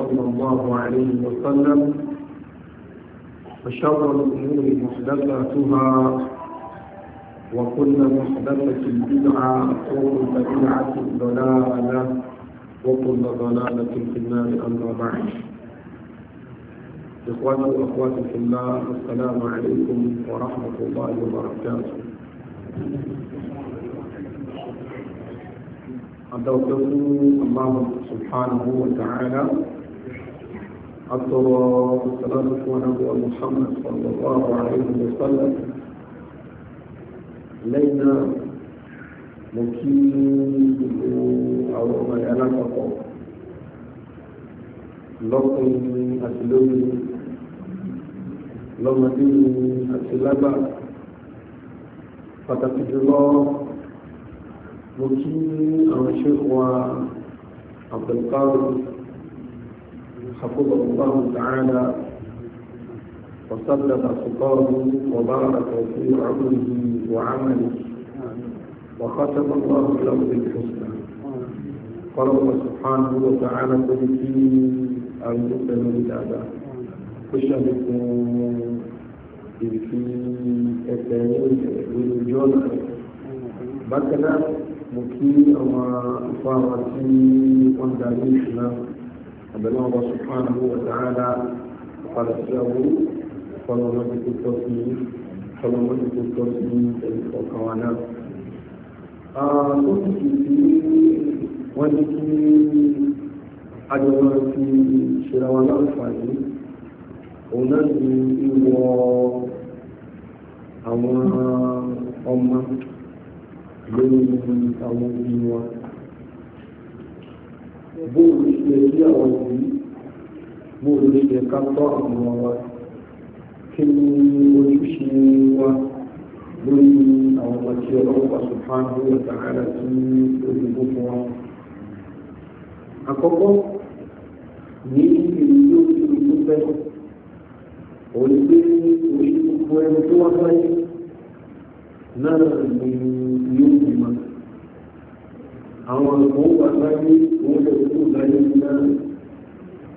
صلى الله عليه وسلم وشر الأمور محدثاتها وكل محدثة بدعة وكل بدعة ضلالة وكل ضلالة في النار أما بعد إخواني وأخواتي في الله السلام عليكم ورحمة الله وبركاته أدعوكم الله سبحانه وتعالى أطرى ثلاثة ونبوة محمد صلى الله عليه وسلم لينا مكين أو ما يلاقى لقم أسلوبي لمدين أسلبا pàtàkì الله، mo أو àwọn ṣe wa حفظه الله تعالى وسلم خطاه وبارك في عمره وعمله وختم الله له بالحسنى قال الله سبحانه وتعالى قل في أنفسنا بالآباء فشهدكم في التانيين والجنة بكنا مكين وفاوتي وندانيشنا àbẹ̀lẹ́ ọba subhanahu wa ta'ala padà sí àwọn ọlọ́mọdé tó tọ́ sí ọlọ́mọdé tó tọ́ sí ẹ̀yìn kọ̀ọ̀kan wa náà. tó ti kì sí wọ́n ní kí ajọba ti ṣera wa láǹfààní òun náà ní ìwọ àwọn ọmọ lórí àwọn òbí wọn bóòlù ṣe kí àwọn òbí bóòlù ṣe ká tọ́ àwọn ọmọ wa kí ni ojúṣe wa lórí àwọn ọmọ tí ọlọ́pàá subhanahu wa ta'ala tí olùgbò fún wa. àkọ́kọ́ ní ìlú yóò fi ìlú fẹ́ òun pé oṣù gbogbo ẹni tó wá sáyé náà ni yóò bímọ àwọn ọ̀pọ̀ wà láyé wọ́n lè kú láyé náà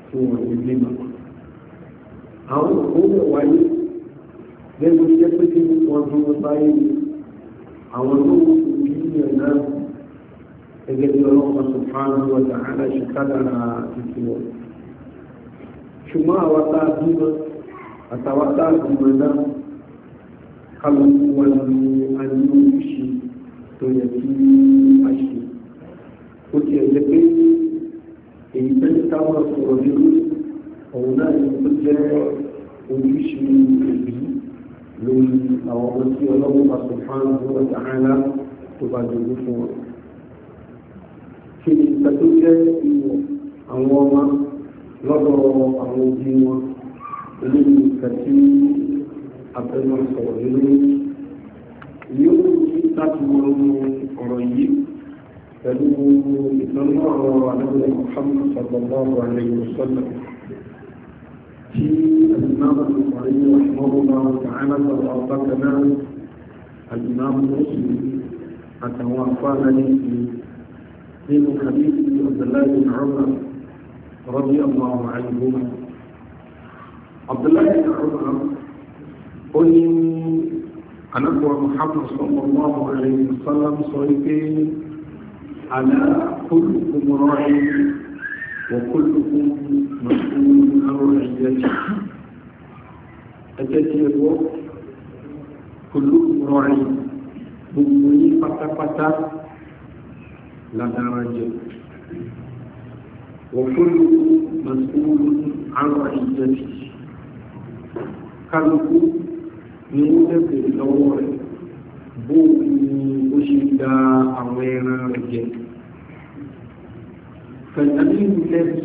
tí wọ́n ti bímọ. àwọn ọ̀pọ̀ lè wáyé lẹ́nu jẹ́ pé kí wọ́n dúró báyé àwọn tó wù kú kí ìyẹn náà gẹ́gẹ́ bí ọlọ́pàá subhanahu wa ta'ala ṣe kádàrà tó yẹ kí a ó ti ẹ̀jẹ̀ pé èyí tó ń táwọn sọ̀rọ̀ lórí òun náà ni ó jẹ́ ojúṣe òbí lórí àwọn ọmọ tí ọlọ́wọ́ bá sọ fún àwọn ọjà ńlá tó bá dojú fún wọn. kí ni ìgbà tó jẹ́ ìwọ̀ àwọn ọmọ lọ́dọ̀ àwọn òbí wọn lórí ìgbà tí abẹ́mọ̀ sọ̀rọ̀ lórí yóò ní láti wọ́n ọ̀rọ̀ yìí pẹ̀lú ìtọ́nú ọ̀rọ̀ àdáwọ̀lẹ̀ Muhammad sallallahu alayhi wa sallam tí alìmọ́mọ̀ ọ̀rẹ́ ìwọ̀nmọ́gbọ̀n ọ̀tàánà sọ̀rọ̀ ọ̀tàkànà alìmọ́mọ̀ oṣù àtàwọn afárá ní ìlú nínú kàbíyèsí ọ̀dọ̀láyé ọ̀rọ̀ rọ́bí ọmọ ọmọ àyíkúmọ̀ ọ̀dọ̀láyé ọ̀rọ̀ ó ní anábọ̀ Muhammad sallallahu alayhi wa sallam sọ wípé على كل راع وكلكم مسؤول عن رعيته أتاتي الوقت كلكم راع بمني فتا فتا لا درجة وكلكم مسؤول عن رعيته كلكم من يدبر لوره bóòlù ó ṣe gba àwọn ẹran rẹ̀ jẹ fẹ̀tàlì ìlẹ́bí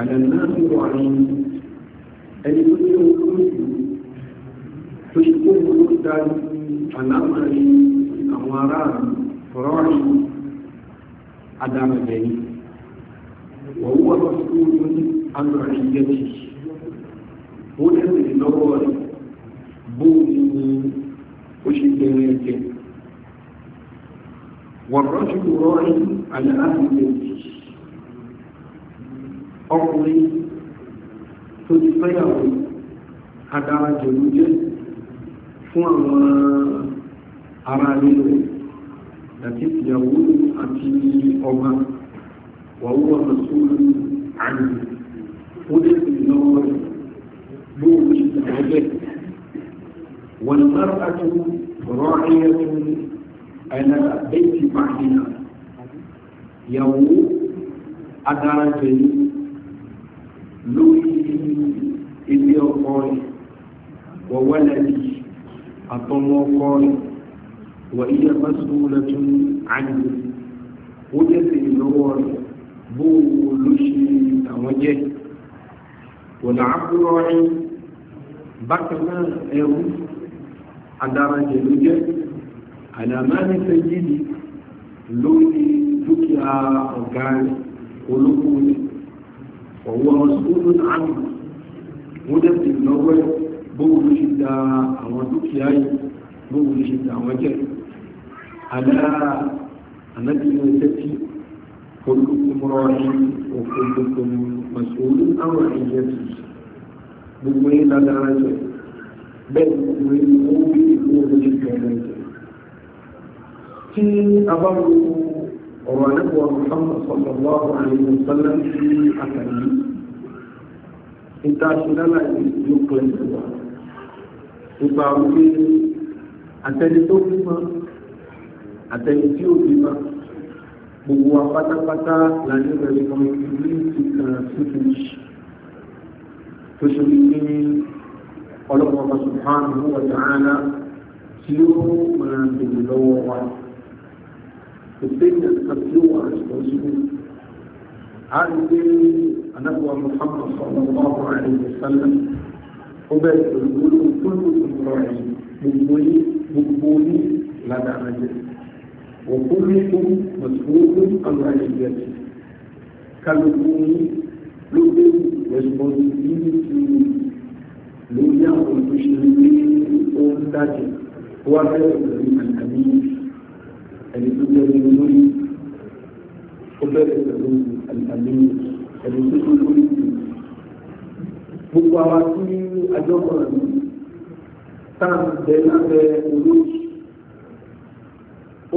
àdàlá ń wà ní ẹni tó ní olóòtú tó ṣe kó mú ló dájú àlámàrí àwọn aráàlú rọrùn adámẹ̀bẹ̀ni wọ́n wọ́n lọ sí orí àmì àríyẹ́jì wọ̀rọ̀jùlù rọ́rí aláàbìlẹ̀ ọkùnrin tó ti fẹ́yàwó adára jẹ̀lú jẹ́ fún àwọn ará nílò àti ìyàwó àti ọmọ wàwúwà mọ̀súlù àyè ó lè fi lọ́wọ́ lóòrùn ìgbàlẹ́gbẹ̀ wọ̀n mọ́ra àti rọ́ọ̀ẹ́yẹ́ ẹ̀lẹ́ta bẹ́ẹ̀tì pàdínà yàwó adarajẹ̀ ní lórí ilé ọkọ rẹ̀ wọ̀wọ́lẹ̀dì àtọmọ ọkọ rẹ̀ wà ilẹ̀ mẹ́sùlùmí àjò bóòwò ló àwọn jẹ́ wọ̀nà àbúrò rẹ̀ náà ẹ̀rú adarajẹ̀ ló àlàmánì sẹ́yìdì lórí dúkìá ọ̀gá olóko ní ọ̀wọ́ ọ̀sùnú àmì wọ́n dẹ̀ ti lọ́wọ́ bóòwò ló ṣe da àwọn dúkìá yìí bóòwò ló ṣe da àwọn jẹ́ àdára ànábìyàn tẹ́tí olókùn rọrin òfin mọ̀sùlùmí àwọn ẹ̀yẹ tì gbogbo yìí ládára jẹ bẹ́ẹ̀ gbogbo wọ́n bí ìwọ́n ló ṣe tí a bá wo ọ̀rọ̀ àdẹ́kọ̀ọ́ Muhammad sallallahu alayhi wa sallam sí àtàlí ìtàṣílálà yóò pẹ́ ìwà nípa wípé àtẹni tó bímọ àtẹni tí ó bímọ gbogbo wa pátápátá lànà ìrẹ̀lẹ̀ kan ìlú ìtìkàn síbi tó ṣe wípé ọlọ́pàá subhanahu wa ta'ala tí ó máa bèèrè lọ́wọ́ wa the statements that you are responsible. And the Anabuwa Muhammad sallallahu alayhi wa sallam, ọbẹ̀ ìgbòho kúlù ìmọ̀ràn gbogbo yìí gbogbo yìí ládàá jẹ. وكلكم مسؤول عن رعيته كالكوني لوبي responsibility lórí àwọn òṣèlú ní ohun dájú wọ́n fẹ́ ìròyìn àkàbí ní ẹni olórí ó bẹ̀rẹ̀ pẹ̀lú àlàyé ẹni tó tó lórí gbogbo àwa tí àjọkọ̀rọ̀ ní táà bẹ̀ lábẹ́ olórí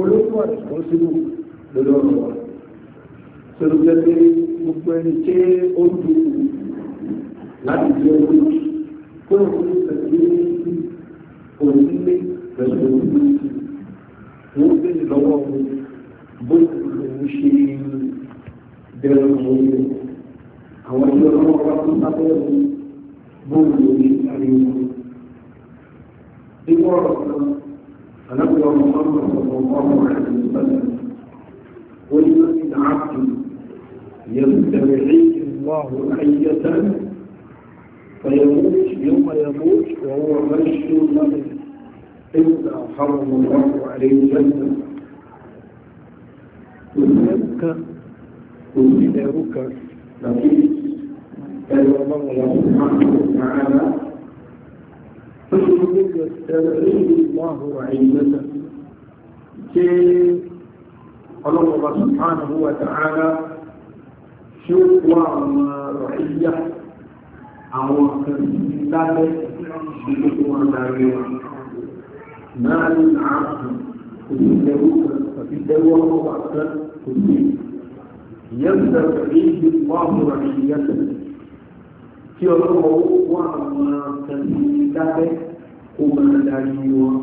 olórí wà responsible lórí ọ̀rọ̀ wa sọ̀rọ̀ jẹ́ pé gbogbo ẹni tí ó dùn láti jẹ́ olórí kó lóun ní pẹ̀lú òun pẹ̀lú olórí wọ́n bèèrè lọ́wọ́ bóòlù lòún ṣe bẹ̀rẹ̀ àwọn ọmọ àwọn tí ọlọ́wọ́ bá tún sábẹ́rù bóòlù lòún ṣe sáré wọn. nínú ọ̀rọ̀ kan alábìyà ọmọ ọmọ ọmọ ọmọ rẹ̀ ló sọ̀rọ̀ wọ́n ní wọ́n ti nà á tù يستمعيه الله حية فيموت يوم يموت وهو مشي له إلا حرم الله عليه الجنة وذلك وذلك لطيف قال الله سبحانه وتعالى فاشكر يستغيث الله رحمته الله سبحانه وتعالى شكوى رعية أو كان لا يستطيع أن يكون مال عقل كله ففي هو وعقل كله يبدأ فيه الله رعيته tí ọlọ́wọ́ wà àwọn tẹ̀lé lábẹ́ kó máa darí wọn.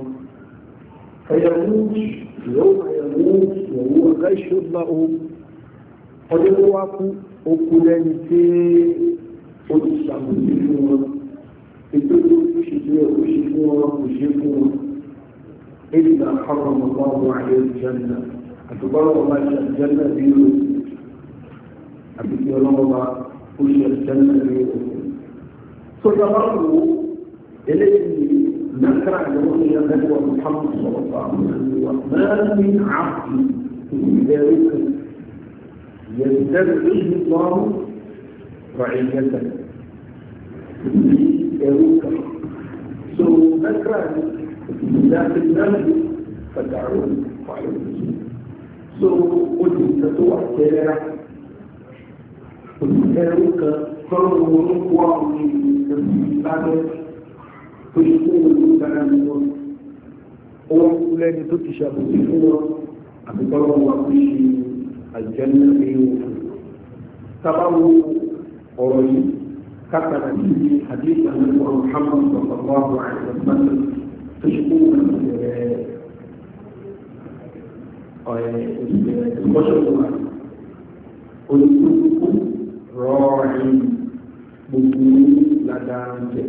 ẹ̀yẹ̀wò yóò ẹ̀yẹ̀wò òwò ọ̀gá ìṣòdùmá o ọdún tó wá kú okú lẹ́ni tí ó ti ṣàmùsí fún wọn ètò ìlú òṣìṣẹ́ òṣìṣẹ́ fún wọn kò ṣe fún wọn. إلا حرم الله عليه الجنة أتبرع ما شاء الجنة دينه أبيك يلوم كل الجنة دينه الله إليه نكرع لرؤية نبوة محمد صلى الله عليه وسلم ما من عبد ذلك يستدعيه الله رعيته يروك سو نكرع لكن نبي فدعوني فحبني سو قلت تتوح كلا قلت هاروك فرغو نقوامي نبي بعد فشكوه تتشابه فيه أكبر وقشي الجنة فيه تبعو قرأي كتب في حديث عن محمد صلى الله عليه وسلم tó ṣe kó wọn bẹ̀rẹ̀ ọ̀rẹ́ ìbẹ̀rẹ̀ ìkọ́ṣọ́ tó wà olùkúlùkù rọrin gbogbo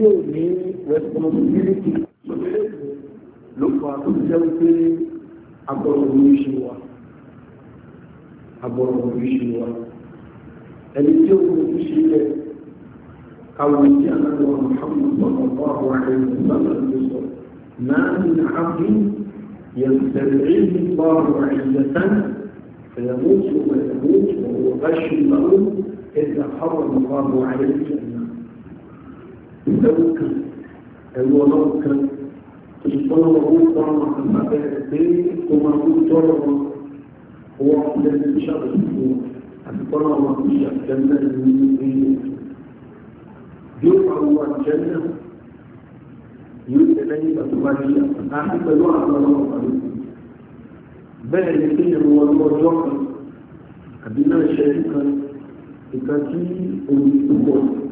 tí ò ní responsibility ló fa tó jẹ́ wípé agbọ̀rọ̀ oríṣi wa agbọ̀rọ̀ oríṣi wa ẹni tí ó mú oríṣi rẹ̀ káwọn ìdí àlọ́ Muhammad sọ̀rọ̀ ọ̀rọ̀ rẹ̀ sọ̀rọ̀ rẹ̀ sọ̀rọ̀ máa ń ní àbí يستدعيه الله عزة فيموت ويموت وهو غش له إذا حرم الله عليه أن ìbẹ̀wò kan ẹ̀rù ọlọ́run kan ìfọ́nàwọ́ owó tọrọ àbábẹ́ pé ó máa ń tọrọ owó ọkùnrin tó ṣàbẹ̀wò àti fọ́nàwọ́ tó ṣàbẹ̀wò ní ilé yóò máa wọ àjẹ́nà yóò tẹ̀lé nígbà tó bá yíyá àti pẹ̀lú àwọn ọlọ́run pàdé bẹ́ẹ̀ ni kí ẹ̀rù ọlọ́jọ́ kan àbí náà ṣe kan ìka tí omi púpọ̀ yìí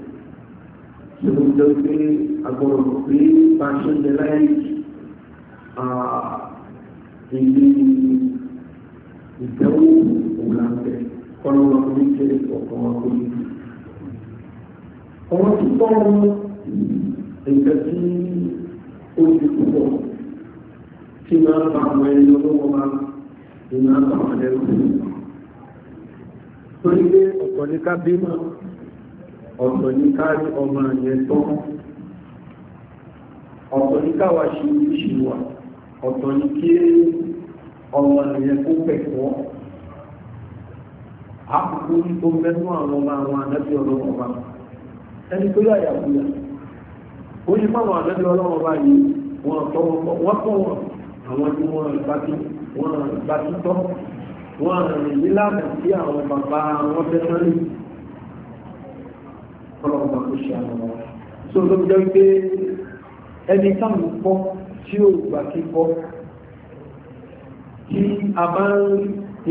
lórí jọ pé agbọ̀rọ̀ pé bá ṣe ń bẹ láyé ìlú ìdẹ́wò òlàǹtẹ̀ kọ́lọ́wọ́ tó ní kéré ọ̀kan wa kó yìí. ọmọ tó tọ́ ọmọ nǹkan tí ó ti púpọ̀ tí máa ń bá àwọn ẹni lọ́wọ́ wa ni máa ń bá àwọn ẹni lọ́wọ́. torí pé ọ̀pọ̀ ní ká bí máa ọ̀tọ̀ ní kárí ọmọ yẹn tó ọ̀tọ̀ ní káwà ṣe oríṣi wà ọ̀tọ̀ ní kí ọmọ yẹn kó pẹ̀kọ́ àkókò ní tó mẹ́nu àwọn ọmọ àwọn ànábì ọlọ́wọ́ bá ẹni tó yàyà kúyà ó ní fáwọn ànábì ọlọ́wọ́ bá yìí wọ́n tọ́ wọ́n tọ́ wọn àwọn tí wọ́n bá tí wọ́n bá tí tọ́ wọ́n rìn nílànà sí àwọn bàbá wọn fẹ́ sọ́rí ọlọ́pàá kò ṣe àwọn ọmọ so ló jẹ́ pé ẹni táwọn pọ́ tí ó gbà kí pọ́ tí a bá ń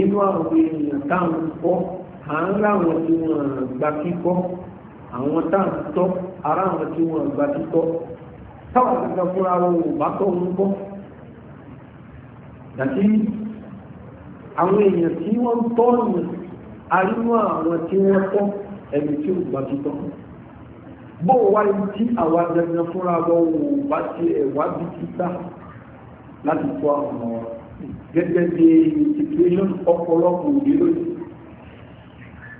inú àwọn èèyàn táwọn pọ́ à ń ráwọn tí wọ́n gbà kí pọ́ àwọn táwọn tọ́ ara àwọn tí wọ́n gbà kí tọ́ táwọn kankan fúnra wọn ò bá tọ́ ń pọ́ dàtí àwọn èèyàn tí wọ́n tọ́ nù arínú àwọn tí wọ́n tọ́ ẹni tí ó gbà tutọ́ bó wá tí àwa dandan fúnra lọ wò bá ti ẹ̀wá bí títà láti kó àwọn ọ̀rọ̀ gẹ́gẹ́ bí situation ọ̀pọ̀lọpọ̀ òbí lónìí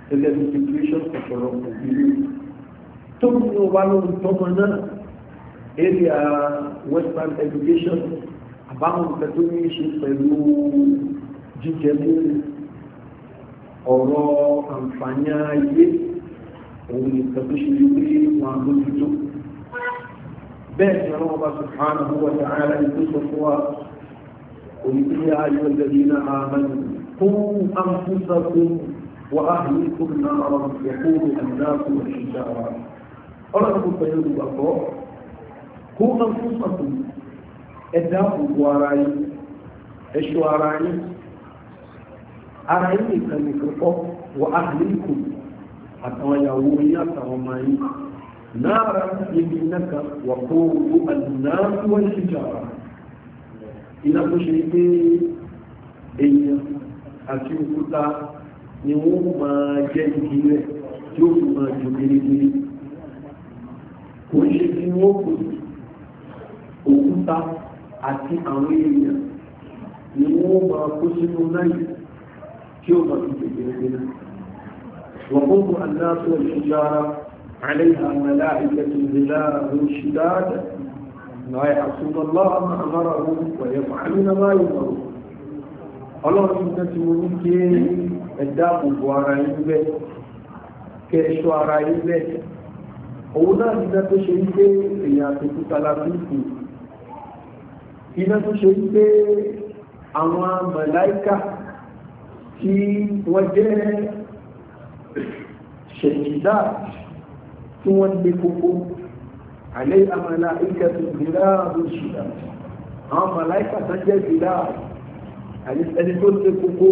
gẹ́gẹ́ bí situation ọ̀pọ̀lọpọ̀ òbí lónìí tó ń ní ọba lóhun tọ́mọ náà area western education àbáwọn nǹkan tó ní í ṣe pẹ̀lú jíjẹ mú ọ̀rọ̀ àǹfààní ayé òun ni ìtọ́jú ṣe ní pé wọn lójútó bẹ́ẹ̀ ni ọlọ́wọ́ bá subhanahu wa ta'ala ní tó sọ fún wa òun tí a yọ lẹ́yìn náà amanu qu anfusakum wa ahlikum naran yakunu an-nasu hijara ọlọ́run kò pẹ̀lú olùgbàgbọ́ qu anfusakum ẹ̀dá òkú ara yìí ẹ̀ṣọ́ ara yìí ara yìí nìkan nìkan kọ́ wa ahlikum àtàwọn ìyàwó yín àtàwọn ọmọ yín náàrà níbi nẹ́ka wà kó owó àdínáàtú wọ́n sì jàrà iná tó ṣe pé èèyàn àti òkúta ni wọ́n máa jẹ́ igi rẹ̀ tí ó fi máa jù gírígírí kò ṣe bí wọ́n kò òkúta àti àwọn èèyàn ni wọ́n máa kó sínú náà tí ó máa fi jù gírígírí náà وقوم الناس والحجارة عليها ملائكة ظلال شداد لا يعصون الله ما أمرهم ويفعلون ما يؤمرون ọlọ́run ní ti mo ní kí ẹ̀dá gbogbo ara yín bẹ́ kẹ ẹ̀ṣọ́ ara yín bẹ́ òun náà nígbà tó ṣe wípé èèyàn àtòkúta lábíkù iná tó ṣe wípé àwọn màláíkà tí wọ́n jẹ́ ṣèjìdá tí wọ́n gbé kókó àlẹ́ àmàlà ìkẹtù ìlà àbúṣìdá àwọn màláìkà tó jẹ́ ìlà ẹni tó gbé kókó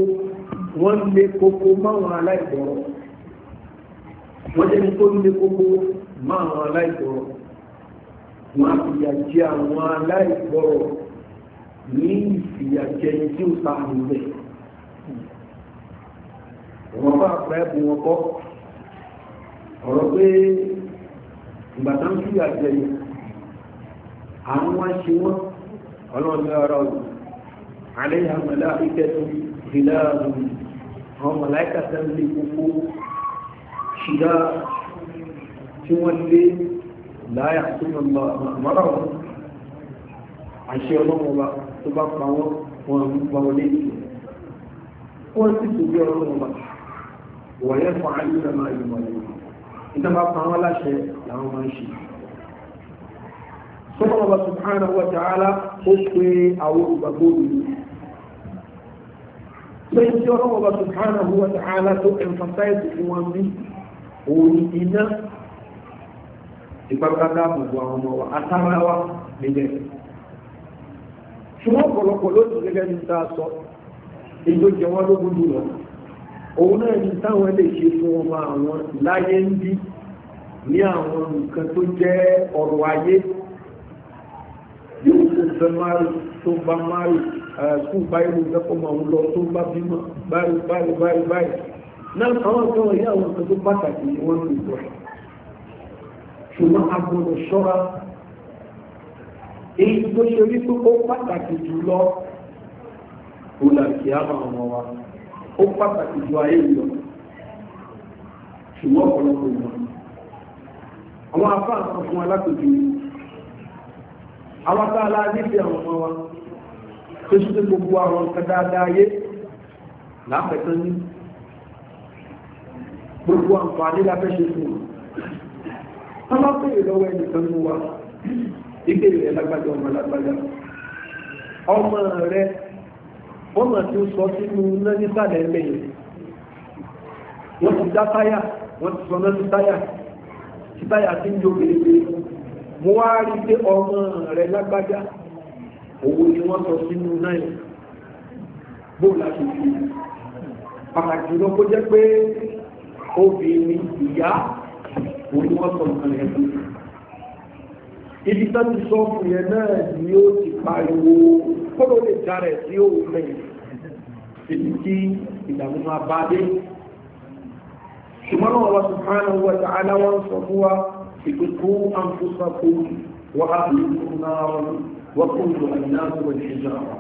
wọ́n gbé kókó máwọn aláìbọ̀rọ̀ wọ́n jẹ́ ní tó gbé kókó máwọn aláìbọ̀rọ̀ wọ́n á fìyà jẹ àwọn aláìbọ̀rọ̀ ní ìfìyà ní tí ó ta àmì wọ́n bá pẹ́ bu wọn kọ́. ọ̀rọ̀ pé ìgbà tó ń kíyà jẹ yìí àwọn wá ṣe wọ́n ọlọ́run ní ọ̀rọ̀ òun àlẹ́yà ìkẹtù ìdílé ààrùn àwọn mọ̀láìkà sẹ́ńdì ṣìdá tí wọ́n lé láyà tó mọ̀mọ́ra wọn àṣẹ ọlọ́run ọba tó bá pa wọ́n wọn ń pa wọ́n sì bí ọba fún máa ìtàn bá pa wọn láṣẹ làwọn máa ń ṣe sọ́kọ́ ọba subhanahu wa ta'ala ó pe àwọn olùgbàgbọ́ òbí lẹ́yìn tí ọlọ́wọ́ ọba subhanahu wa ta'ala tó emphasize fún wọn bí òun iná ìgbàgbàgbà gbogbo àwọn ọmọ wa nílẹ̀ ṣùgbọ́n ọ̀pọ̀lọpọ̀ lónìí gẹ́gẹ́ bí ta sọ èyí jẹ wọn lógún jùlọ òun náà ni táwọn lè ṣe fún ọmọ àwọn láyé ń bí ní àwọn nǹkan tó jẹ́ ọ̀rọ̀ ayé yóò kó fẹ́ márùn tó bá márùn kú báyìí ló fẹ́ kọ́ máa ń lọ tó bá bímọ báyìí báyìí báyìí báyìí náà àwọn tó wọ̀nyí àwọn nǹkan tó pàtàkì ni wọ́n ń lò ṣùgbọ́n a ṣọ́ra èyí tó ṣe wípé ó pàtàkì jùlọ kò là kí á máa mọ wa ó pàtàkì ju ayé lọ ṣùgbọ́n ọ̀pọ̀lọpọ̀ ìmọ̀ àwọn afá àwọn fún alákòjú àwọn tá a lá níbi àwọn ọmọ wa tó ṣe gbogbo àwọn nǹkan dáadáa ayé láàpẹ̀tọ́ ní gbogbo àǹfààní lábẹ́ ṣe fún wọn wọ́n bá pèrè lọ́wọ́ ẹnìkan ní wa ìbéèrè lágbájá ọmọ lágbájá ọmọ rẹ̀ wọ́n mọ̀ tí ó sọ sínú iná nísàlẹ̀ ẹlẹ́yìn wọ́n ti dá táyà wọ́n ti sọ náà sí táyà sí táyà tí ń jó gbèrègbèrè mo wá rí pé ọmọ rẹ̀ lágbájá owó ni wọ́n sọ sínú iná yẹn bó láti fi pàtàkì lọ kó jẹ́ pé obìnrin ìyá òun ni wọ́n sọ nǹkan yẹn fún ibi tó ti sọ fún yẹn náà ni ó ti pariwo kó ló lè jarẹ̀ sí òun mẹ́yìn èyí tí ìdàmú máa bá dé ṣùgbọ́n Allah subhanahu wa ta'ala wọ́n sọ fún wa ìpínkú àǹfùsàkó wà وكل الناس والحجارة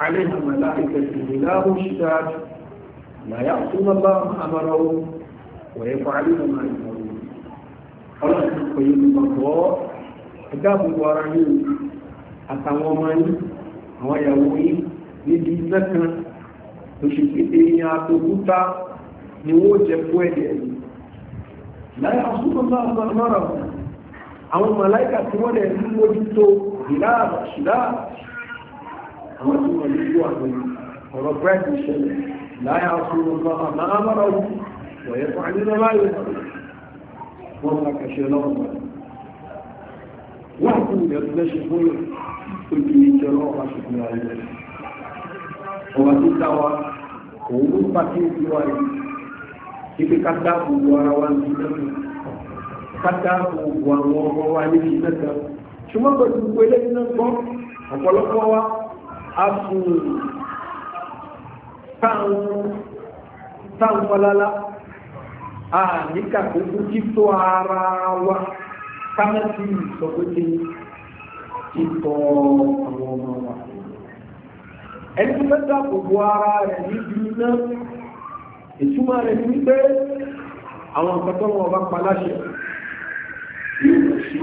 عليها ملائكة غلاظ لا يعصون الله ويفعلون ما يؤمرون ọlọ́run ti pè é lùgbàgbọ́ ẹ̀dáàbòbò ara yìí àtàwọn ọmọ yìí àwọn ìyàwó yìí níbi iṣẹ́ kan tó ṣe pé èèyàn àtòkúta ni wọ́n jẹ fún ẹ̀dẹ̀ ẹ̀yìn láyé àsúkọ̀ náà àwọn màláìkà tí wọ́n lẹ̀ ń mójútó ìlànà ṣìlá àwọn tí wọ́n lè wà lórí ọ̀rọ̀ brett ọba tó dá wa òun ló pàṣẹ ìlú wa rẹ̀ ibi ká dá gbogbo ara wa ní iná ká dá gbogbo àwọn ọmọ wa ní iná ta ṣùgbọ́n pẹ̀lú gbogbo eléyìí náà gbọ́ ọ̀pọ̀lọpọ̀ wa a sùn táwọn a níkà gbogbo títọ́ ara wa ká má sí ìsọ̀kọ́tì títọ́ àwọn ọmọ wa ẹni tó mẹ́ta kò bu ara rẹ̀ níbi iná ìtumọ̀ rẹ̀ ní pé àwọn nǹkan tó wọn bá pa láṣẹ yóò lọ sí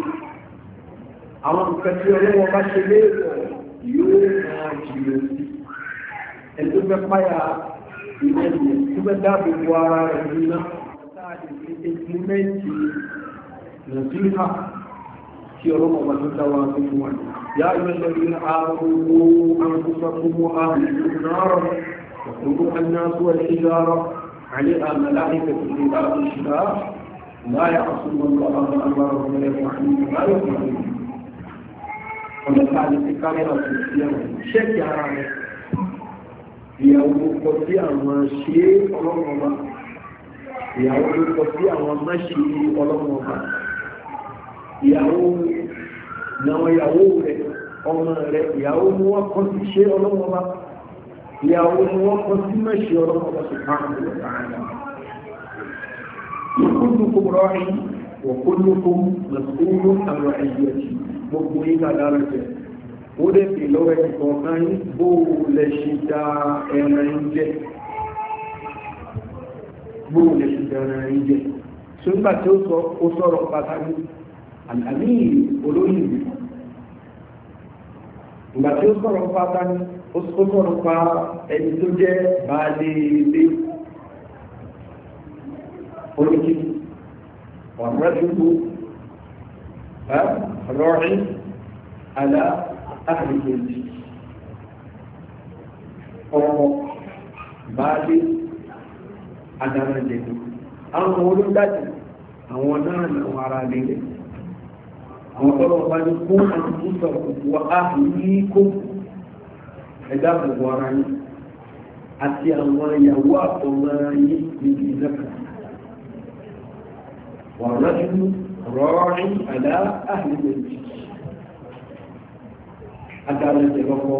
àwọn nǹkan tí ọlọ́wọ́ bá ṣe léèwọ̀ yóò máa jìnnà sí ẹni tó fẹ́ páyà ilé ìyẹn tó fẹ́ dáàbò bo ara rẹ̀ níná implimenti nàìjíríà tí ọlọ́wọ́ bá tó dáwọ́ fún wa nìyà يا أيها الذين آمنوا أنفسكم وأهلكم نارا وقودها الناس والحجارة عليها ملائكة غلاظ الشفاء لا يعصون الله أمرهم من ما لا ọlọ́pàá ti kárí ọ̀sẹ̀ sí àwọn ṣẹ́kì ara rẹ̀ ìyàwó kọ sí àwọn ṣe ọlọ́mọba ìyàwó kọ sí láwọn ìyàwó rẹ̀ ọmọ rẹ̀ ìyàwó ni wọ́n kọ́ sí ṣe ọlọ́mọba ìyàwó ni wọ́n kọ́ sí mẹ́ṣe ọlọ́mọba sí káàkiri kullukum ra'in wa kullukum mas'ulun an ra'iyati gbogbo yìí ká dára jẹ ó dẹ̀ fi lọ́wọ́ ẹni kọ̀ọ̀kan bó lẹ ṣe dá ẹran jẹ bó lẹ ṣe dá ẹran jẹ ṣùgbà tí ó sọ pàtàkì àmì olórí ìlú ìgbà tí ó sọ̀rọ̀ pa tani ó sọ̀rọ̀ pa ẹni tó jẹ́ baálé ilé oníkì wàmúrẹ́dúgbò rọrin àlá àfìkèjì ọmọ baálé adáranjẹ̀dù àwọn olóńdájì àwọn náà làwọn ará nílẹ̀ àwọn tọ́lọ̀ ọba ní kó àtúntò ọ̀pọ̀ àhìlíkó ẹ̀dá ọ̀pọ̀ ara yín àti àwọn ìyàwó àtọ̀mọ́ yín níbi ìlẹ́kà wà rájú rọ́ọ̀rín àdá àhìlíkó adára ẹ̀jẹ̀ lọ́kọ́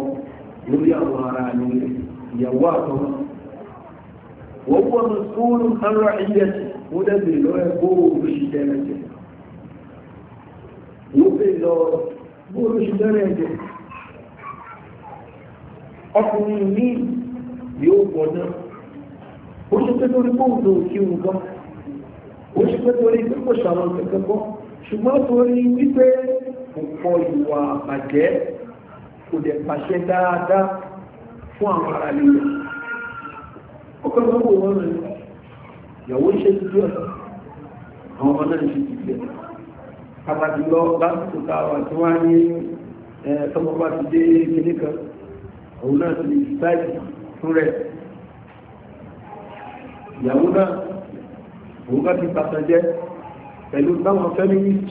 lórí àwọn ara rẹ̀ ìyàwó àtọ̀mọ́ wọ́n wọ́n mọ̀ sóòrùn ara ìyẹ̀tì wọ́n dẹ̀ bèèrè lọ́rẹ̀ bóòrùn òṣìṣẹ́ ẹ̀jẹ̀ lóbi lọ bóòlù ṣe bẹ̀rẹ̀ ẹ̀jẹ̀ ọkùnrin mi yóò pọ̀ náà ó ṣe pé lórí bóòlù òkè nǹkan ó ṣe pé lórí pé kò ṣàwọn kankan kọ́ ṣùgbọ́n torí wípé kò pọ̀ ìwà àbàjẹ́ kò dẹ̀ pàṣẹ dáadáa fún àwọn ará lílọ ó kọ́ lọ́wọ́ wọn rẹ̀ ìyàwó ṣe ti díẹ̀ àwọn ọmọ náà ṣe ti díẹ̀ pàtàkì lọ lásìkò táwà tí wọ́n ní tọ́mọ́bá ti dé kìíní kan òun náà ti sáì fún rẹ̀ ìyàwó náà òun bá ti pàtàjẹ́ pẹ̀lú táwọn feminist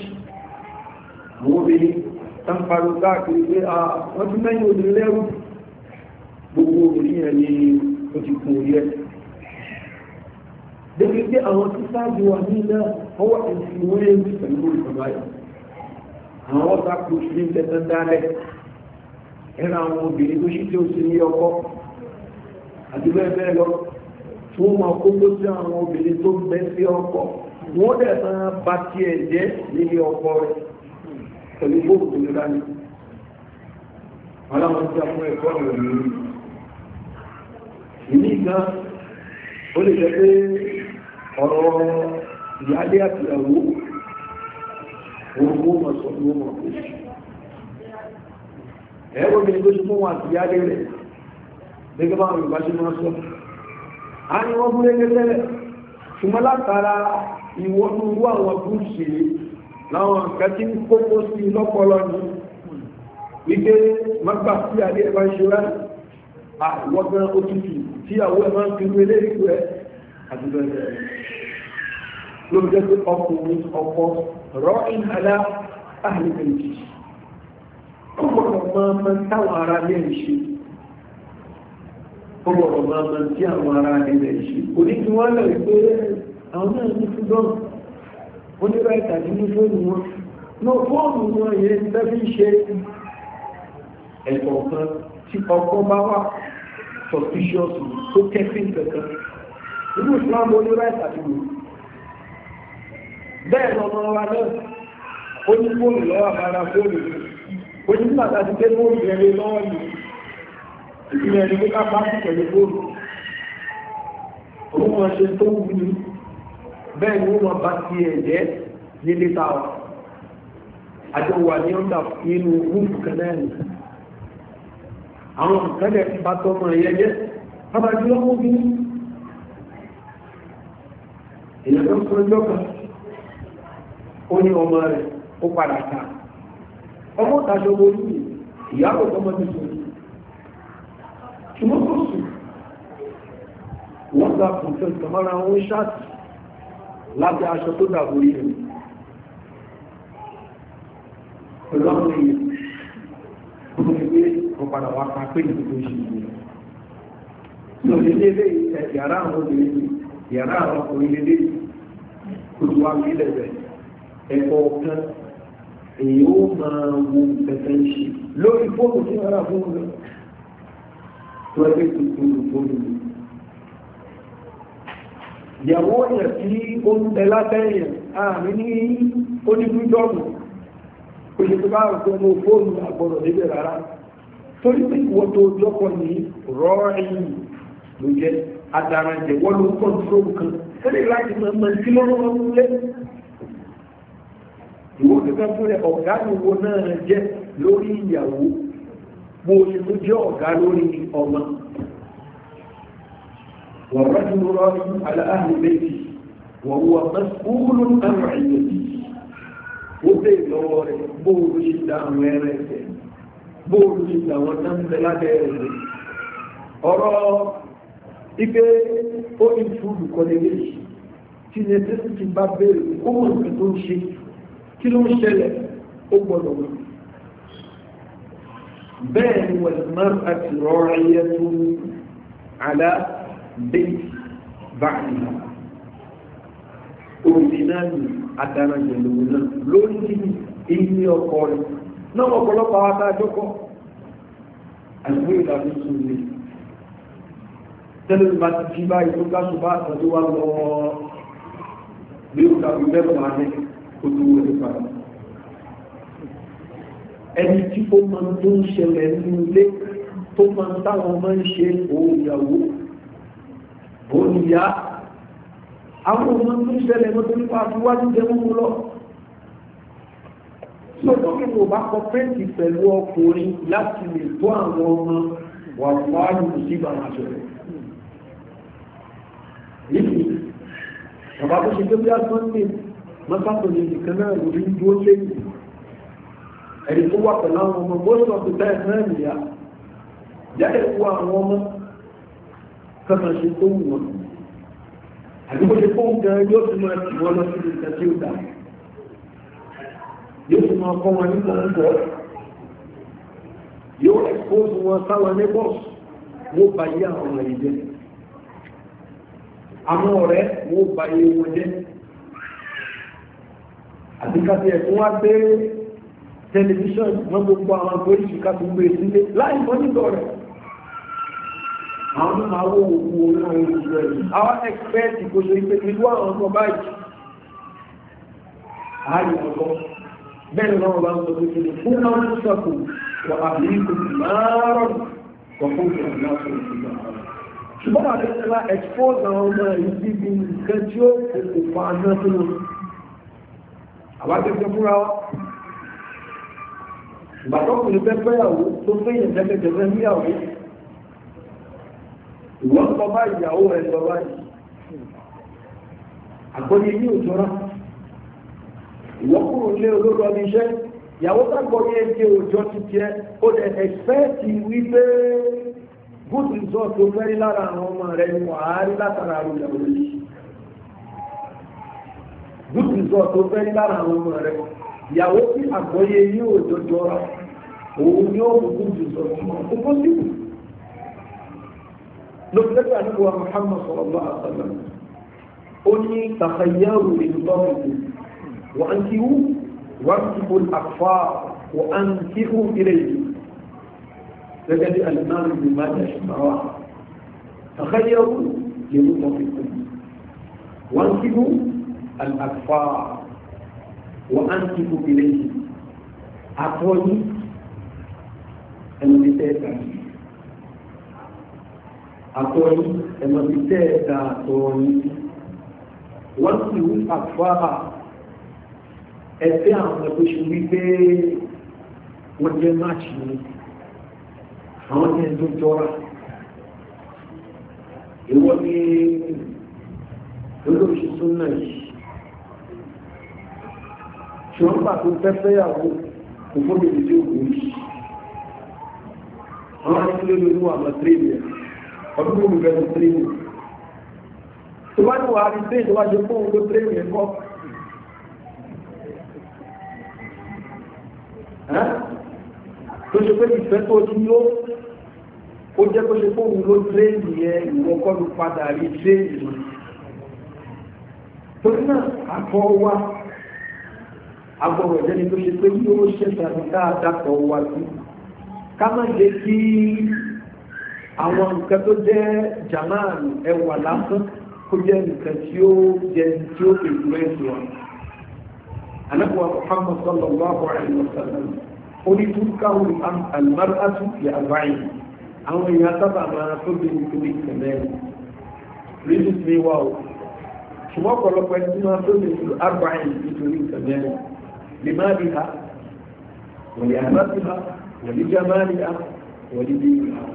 àwọn obìnrin tán parí káàkiri pé a wọ́n tún mẹ́yìn obìnrin lẹ́rù gbogbo obìnrin yẹn ni ó ti kún orí ẹ̀ débi àwọn tí sáájú wà ní هو انفلونس بنقول القبائل àwọn ọ̀tá kò sí ní tẹ́tẹ́ dálẹ̀ ẹ̀rọ àwọn obìnrin tó ṣí tí ó sì ní ọkọ àti bẹ́ẹ̀ bẹ́ẹ̀ lọ tí wọ́n máa kókó sí àwọn obìnrin tó ń bẹ́ sí ọkọ wọ́n dẹ̀ máa bá tiẹ̀ jẹ́ nílé ọkọ ìyáálé àti ìyàwó orúkọ wọn sọ ní wọn kò sí ẹ̀rọ mi ló ṣe fún wọn àti ìyáálé rẹ̀ gẹ́gẹ́ bá wọn ìbáṣe máa sọ a ní wọ́n bú lẹ́gẹ́ tẹ́lẹ̀ ṣùgbọ́n látara ìwọ́nú irú àwọn gúúsì láwọn nǹkan ń kókó sí lọ́pọlọ ní wípé mọ́gbà sí àdé ẹ̀bá ṣe rá àwọn gan òtútù tí àwọn ẹ̀mọ́ ń fi wé lé ìlú àti bẹ́ẹ̀ ló jẹ́ pé ọkùnrin ọkọ rọ́ìn alá àhìlẹ̀ méjì ó gbọ́dọ̀ máa mọ táwọn ará ilé ń ṣe ó gbọ́dọ̀ máa mọ tí àwọn ará ilé ń ṣe kò ní kí wọ́n lọ pé àwọn náà ní fúdọ́n onírọ̀ ìtàgé ní fóònù wọn náà fóònù wọn yẹn fẹ́ fi ṣe ẹ̀kọ́ kan tí ọkọ bá wà suspicious tó kẹ́sìn kankan inú ìsìlámù onírọ̀ ìtàgé wọn bẹ́ẹ̀ lọ ọmọ wa náà ó ní fóònù lọ́wọ́ àbára fóònù ó ní bàtà ti dé fóònù rẹ̀ lọ́wọ́ yìí ìpìlẹ̀ ní ká bá sí pẹ̀lú fóònù òun wọn ṣe tó wù ní bẹ́ẹ̀ ni wọ́n bá ti ẹ̀jẹ̀ nílé táwọn àjọ wà ní ọ̀dà nínú àwọn ìkẹ́lẹ̀ bá tọ́mọ ẹ̀yẹ́yẹ́ bábá bí èyàn tó ń kọ́ ó ní ọmọ rẹ̀ ó padà ta ọmọ ìtaṣọ orí ìyàwó ọmọ ti sọ ṣùgbọ́n kò sùn wọ́n gba kùnfẹ́ ìtàmára wọn ṣáàtì lábẹ́ aṣọ tó dàbò orí rẹ̀ pẹ̀lú àwọn èèyàn tó ní pé wọ́n padà wá pa pé ìlú tó ṣe ìlú lórí lélé yàrá àwọn obìnrin yàrá àwọn ọkùnrin lélé kò tó wá mílẹ̀ bẹ̀rẹ̀ ẹ̀kọ́ kan èyí ó máa wo pẹ̀pẹ̀ ń ṣe lórí fóònù tí wọ́n rà fún mi tó ẹgbẹ́ tuntun fóònù mi. ìyàwó yẹn tí ó ń tẹ látẹ̀yìn àmì ní onígbígbọ́ọ̀mù kò ṣe tó bá rò pé mo fóònù àgbọ̀rọ̀ débẹ̀ rárá torí pé ìwọ tó jọ́kọ̀ ní rọ́ọ̀rìn ló jẹ́ adarajẹ̀ wọ́n ló ń kọ́ńtró kan ó lè láti máa mọ sí lọ́rọ́ wọn ìwọ kankan fún rẹ ọ̀gá ìwọ náà jẹ́ lórí ìyàwó mo ṣe tó jẹ́ ọ̀gá lórí ọmọ wọ́n rọ́jú rọ́jú aláàrùn méjì wọ́n wọ́n mẹ́kúrú àrùn àyẹ̀bí ó dé ìlọ́wọ́ rẹ̀ bóòlù ṣe kí ló ń ṣẹlẹ̀ ó gbọ́dọ̀ wí bẹ́ẹ̀ ni wọ́n mọ́r àti rọ́ọ̀rẹ́yẹ tó ní àlá bẹ́ẹ̀ báyìí òbí náà ní àdára jẹ̀lówó náà lórí ilé ọkọ̀ rẹ̀ náà ọ̀pọ̀lọpọ̀ àwọn adájọ́kọ̀ àìwé ìlànà tó lè tẹ́lẹ̀ bá ti jí báyìí tó bá àtàdé wà lọ́wọ́ bí ó kàwé mẹ́fà ní olówó nípa ẹni tí ó máa ń tó ń ṣẹlẹ̀ nínú ilé tó máa ń táwọn máa ń ṣe òun ìyàwó òun ìyá àwọn ọmọ tó ń ṣẹlẹ̀ mọ́tò nípa àfiwájú jẹun lọ lọ́tọ́ kí mo bá kọ pẹ́ǹtì pẹ̀lú ọkùnrin láti lè tó àwọn ọmọ wà fáàlù sí bàbá ṣẹlẹ̀ yìí bàbá tó ṣe tó bí a sọ́ńdé mọ́sákùnrin nìkan náà lórí dúró lẹ́yìn ẹ̀rí tó wà pẹ̀lú àwọn ọmọ most of the time náà nìyà jáde kó àwọn ọmọ kankan ṣe tó wù wọn àdúgbò ṣe kó gan yóò tún máa tì wọn lọ sí ìta tí ó dà yóò tún máa kọ́ wọn ní kọ̀ọ̀kọ̀ yóò expose wọn sáwọn ní bọ́ọ̀sì wọ́n bá yé àwọn ọmọ yìí jẹ́ àwọn ọ̀rẹ́ wọ́n bá yé wọn jẹ́ àti ká tiẹ̀ fún wa gbé tẹlifíṣọ̀n wọn gbogbo àwọn àgbóríṣì ká tó gbé e sílé láì mọ́ nígbà rẹ̀ àwọn máa wó òkú orí àwọn olùgbé rẹ̀ àwọn ẹ̀kpẹ́ẹ̀tì kò ṣe pé ìlú àwọn ọmọ báyìí àárín ọ̀gọ́ bẹ́ẹ̀ náà wọ́n bá ń sọ pé kí ni fún náà ń sọ̀kù wà àbíkù márùn wọ́n fún ìrìn náà fún ìgbà ṣùgbọ́n àti ẹ̀kpọ́ọ̀sì àwọn ọmọ yìí bíbi nǹkan tí ó kò pa náà fún wọn àbájẹ́fẹ́ fúnra wá ìgbàtọ́kùnrin fẹ́ fẹ́yàwó tó fẹ́yìn tẹ́tẹ́tẹ́fẹ́ níyàwó ìwọ́n lọ bá ìyàwó rẹ̀ lọ báyìí àkọ́ni ní òjòrá ìwọ́n kúrò lé olóró ọmọ iṣẹ́ ìyàwó sàkọ́ni ẹgbẹ́ òjò ti tiẹ̀ ó dẹ̀ ẹ̀fẹ́ẹ̀tì wípé good result tó fẹ́ rí lára àwọn ọmọ rẹ̀ ni wàá rí látara àrùn ìyàwó yìí good result tó fẹ́ lára àwọn ọmọ rẹ̀ ìyàwó tí àgbọ́yé yí ò jọjọ òun ni ó mú good result mọ́ ó bó sí wù lókùtẹ́tì àdúgbò wa Muhammad sallallahu alaihi wasallam ó ní tàfàyẹ́rù ìlúbọ́mù wà ń kí wú wà ń kí wọ́n àfà wà ń kí wú ilé yìí gẹ́gẹ́ bí alimami bí má jẹ́ ṣùgbọ́n wa tàfàyẹ́rù ìlúbọ́mù wà ń kí wú الأكفار وأنتفوا إليه أعطوني المتابعة أعطوني المتابعة أعطوني وأنتفوا الأكفار ẹgbẹ́ àwọn ẹgbẹ́ ṣe wípé wọ́n jẹ́ máàṣì ni àwọn ní ẹjọ́ jọra ìwọ́n ní olóòṣìṣún náà yìí ṣùgbọ́n nígbà tó fẹ́ fẹ́yàwó kò fún mi ìdí òkú yìí àwọn akílé lórí wà lọ tírí rẹ̀ ọdún tó gbẹ lọ tírí rẹ̀ tó bá ní wàá rí tírí tó bá ṣe fún òun ló tírí rẹ̀ kọ́ tó ṣe pé ìfẹ́ tó ti yó ó jẹ́ kó ṣe fún òun ló tírí rẹ̀ ìwọ kọ́ padà rí tírí rẹ̀ torí náà àkọ́ wa agbọ̀rọ̀ ìjẹni tó ṣe pé yóò ṣe tàbí dáadáa wá sí ká má jẹ́ kí àwọn nǹkan tó jẹ́ jàmáàlù ẹwà lásán kó jẹ́ nǹkan tí ó jẹ tí ó fi ìlú ẹ̀sùn wa anábọ̀ Muhammad sallallahu alaihi wa sallam ó ní tún káwọn almaratu ya arba'in àwọn èèyàn sábà máa tó bí nítorí ìtẹ̀lẹ́ rí ní o ṣùgbọ́n ọ̀pọ̀lọpọ̀ ẹni tí wọ́n tó bí nítorí arba'in ìtẹ̀lẹ́ لمالها ولأهمتها ولجمالها ولدينها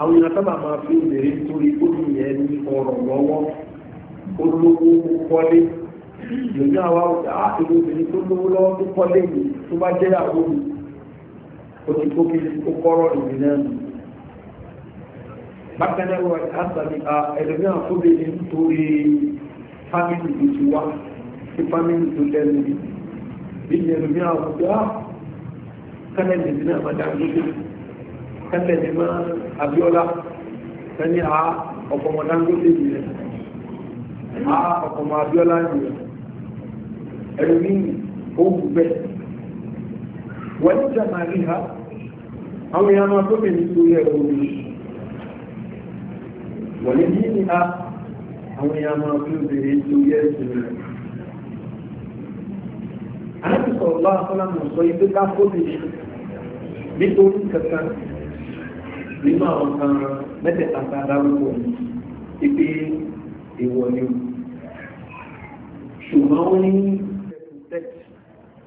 àwọn èèyàn sábà máa fi obìnrin torí olùyẹ ní ọ̀rọ̀ lọ́wọ́ olówó kọ́lé lójú àwa àìlú obìnrin tó lówó lọ́wọ́ tó kọ́lé mi tó bá jẹ́ àwọn mi ó ti kó kí ó kọ́rọ̀ ìrìn náà nù. bákan náà wà ásàmì ẹlòmíràn tó bèèrè nítorí fámìlì tó ti wá sí fámìlì tó lẹ́nu yìí bí ẹ̀rù ní àwọn ọ̀dọ́ kálẹ̀ lè dín àmàdà lójú kálẹ̀ lè má Abíọ́lá kẹ́ni a ọ̀pọ̀mọ̀ Dangote yìí rẹ̀ a ọ̀pọ̀mọ̀ Abíọ́lá yìí rẹ̀ ẹ̀rù ní òwú bẹ́ẹ̀ wọ́n ti jẹ́ màrí ha àwọn èèyàn máa tó bèèrè nítorí ẹ̀rọ omi wọ́n ní ní ha àwọn èèyàn máa tó bèèrè nítorí ẹ̀sìn rẹ̀ àti sọ̀rọ̀ bá fọ́lámù sọ ibi ká kóbi nítorí kankan nínú àwọn kan mẹ́tẹ̀ẹ̀ta ta dárúkọ ibi ìwọ ni o ṣùgbọ́n ó ní protect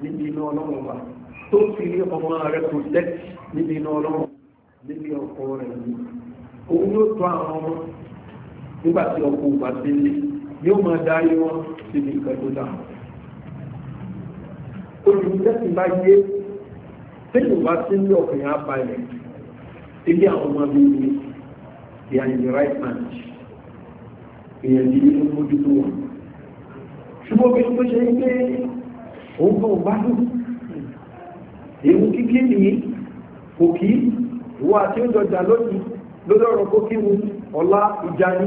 níbi iná ọlọ́run wa tó fi ọmọ rẹ protect níbi iná ọlọ́run níbi ọkọ rẹ ni òun yóò tọ́ àwọn ọmọ nígbà tí ọkọ ògbà délé yóò máa darí wọn síbi ìkẹ́tọ́ dáhùn olùdókòtì bá yé tẹ́lẹ̀ wá sí ní ọkùnrin abalẹ̀ ilé àwọn ọmọ mi ni they are in the right hand èèyàn ti ní mójútó wọn. ṣùgbọ́n bí wọ́n ṣe ń gbé òun kan bá dùn èèwù kíkí nìyí kò kí wọ́n àti ìjọjà lónìí lórí ọ̀rọ̀ kókí mu ọ̀la ìjà ni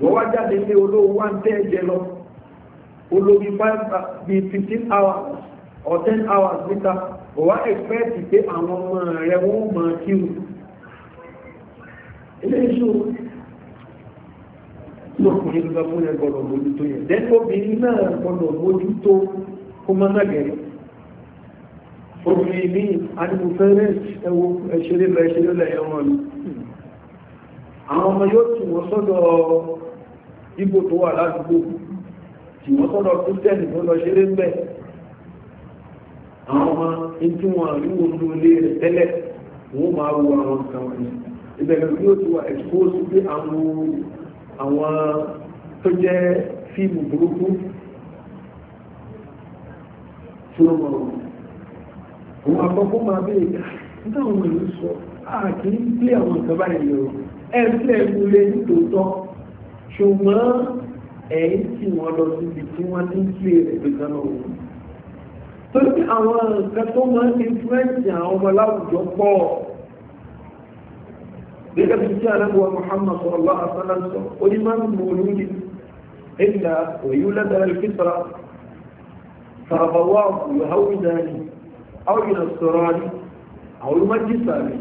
wọ́n wá jáde ní olówó wá ń tẹ́ ẹ̀jẹ̀ lọ olóbi uh, be fifteen hours or ten hours later kò wá expect pé àwọn ọmọ rẹ̀ wọ́n mọ̀ kí o ilé iṣu lókùnrin lọ fún ẹ gbọ́dọ̀ mójú tó yẹ dẹ́n obìnrin náà gbọ́dọ̀ mójú tó kó má má gẹ̀rẹ́ obìnrin ní anìmọ̀fẹ́rẹ́ ẹwọ́ ẹ̀ṣẹ̀rẹ́ lọ ẹ̀ṣẹ̀rẹ́ lọ ẹ̀wọ̀n ni àwọn ọmọ yóò tún wọ́n sọ́dọ̀ ibo tó wà ládùúgbò ṣùgbọ́n tó lọ kírísítẹ́nì tó lọ ṣeré ń bẹ̀ àwọn ọmọ etí wọn àríwò ló lé rẹ̀ tẹ́lẹ̀ wọ́n máa wo àwọn nǹkan wọ̀nyí ìbẹ̀rẹ̀ bí ó ti wà expose pé àwọn àwọn tó jẹ́ fíìmù burúkú tí ó mọ̀ òun àkọ́kọ́ máa bèèrè nígbà àwọn ìlú sọ àti ń pè àwọn nǹkan báyìí ẹ̀ ń pè é múlé nítòótọ́ ṣùgbọ́n ẹ̀yìn tí wọ́n lọ síbi tí wọ́n ní pè rẹ̀ pé kánà òun tó ní àwọn nǹkan tó máa ń influence àwọn ọmọ láwùjọ pọ̀ gẹ́gẹ́ bí tí aláwọ̀ Muhammad sallallahu alaihi wasallam sọ onímọ̀ mòlúdi ìlà òyìnlẹ́dà ìfitra fàbàwà yòháwìdání àwọn ìrìnàṣọ́rọ̀ àwọn olùmọ̀jísàrí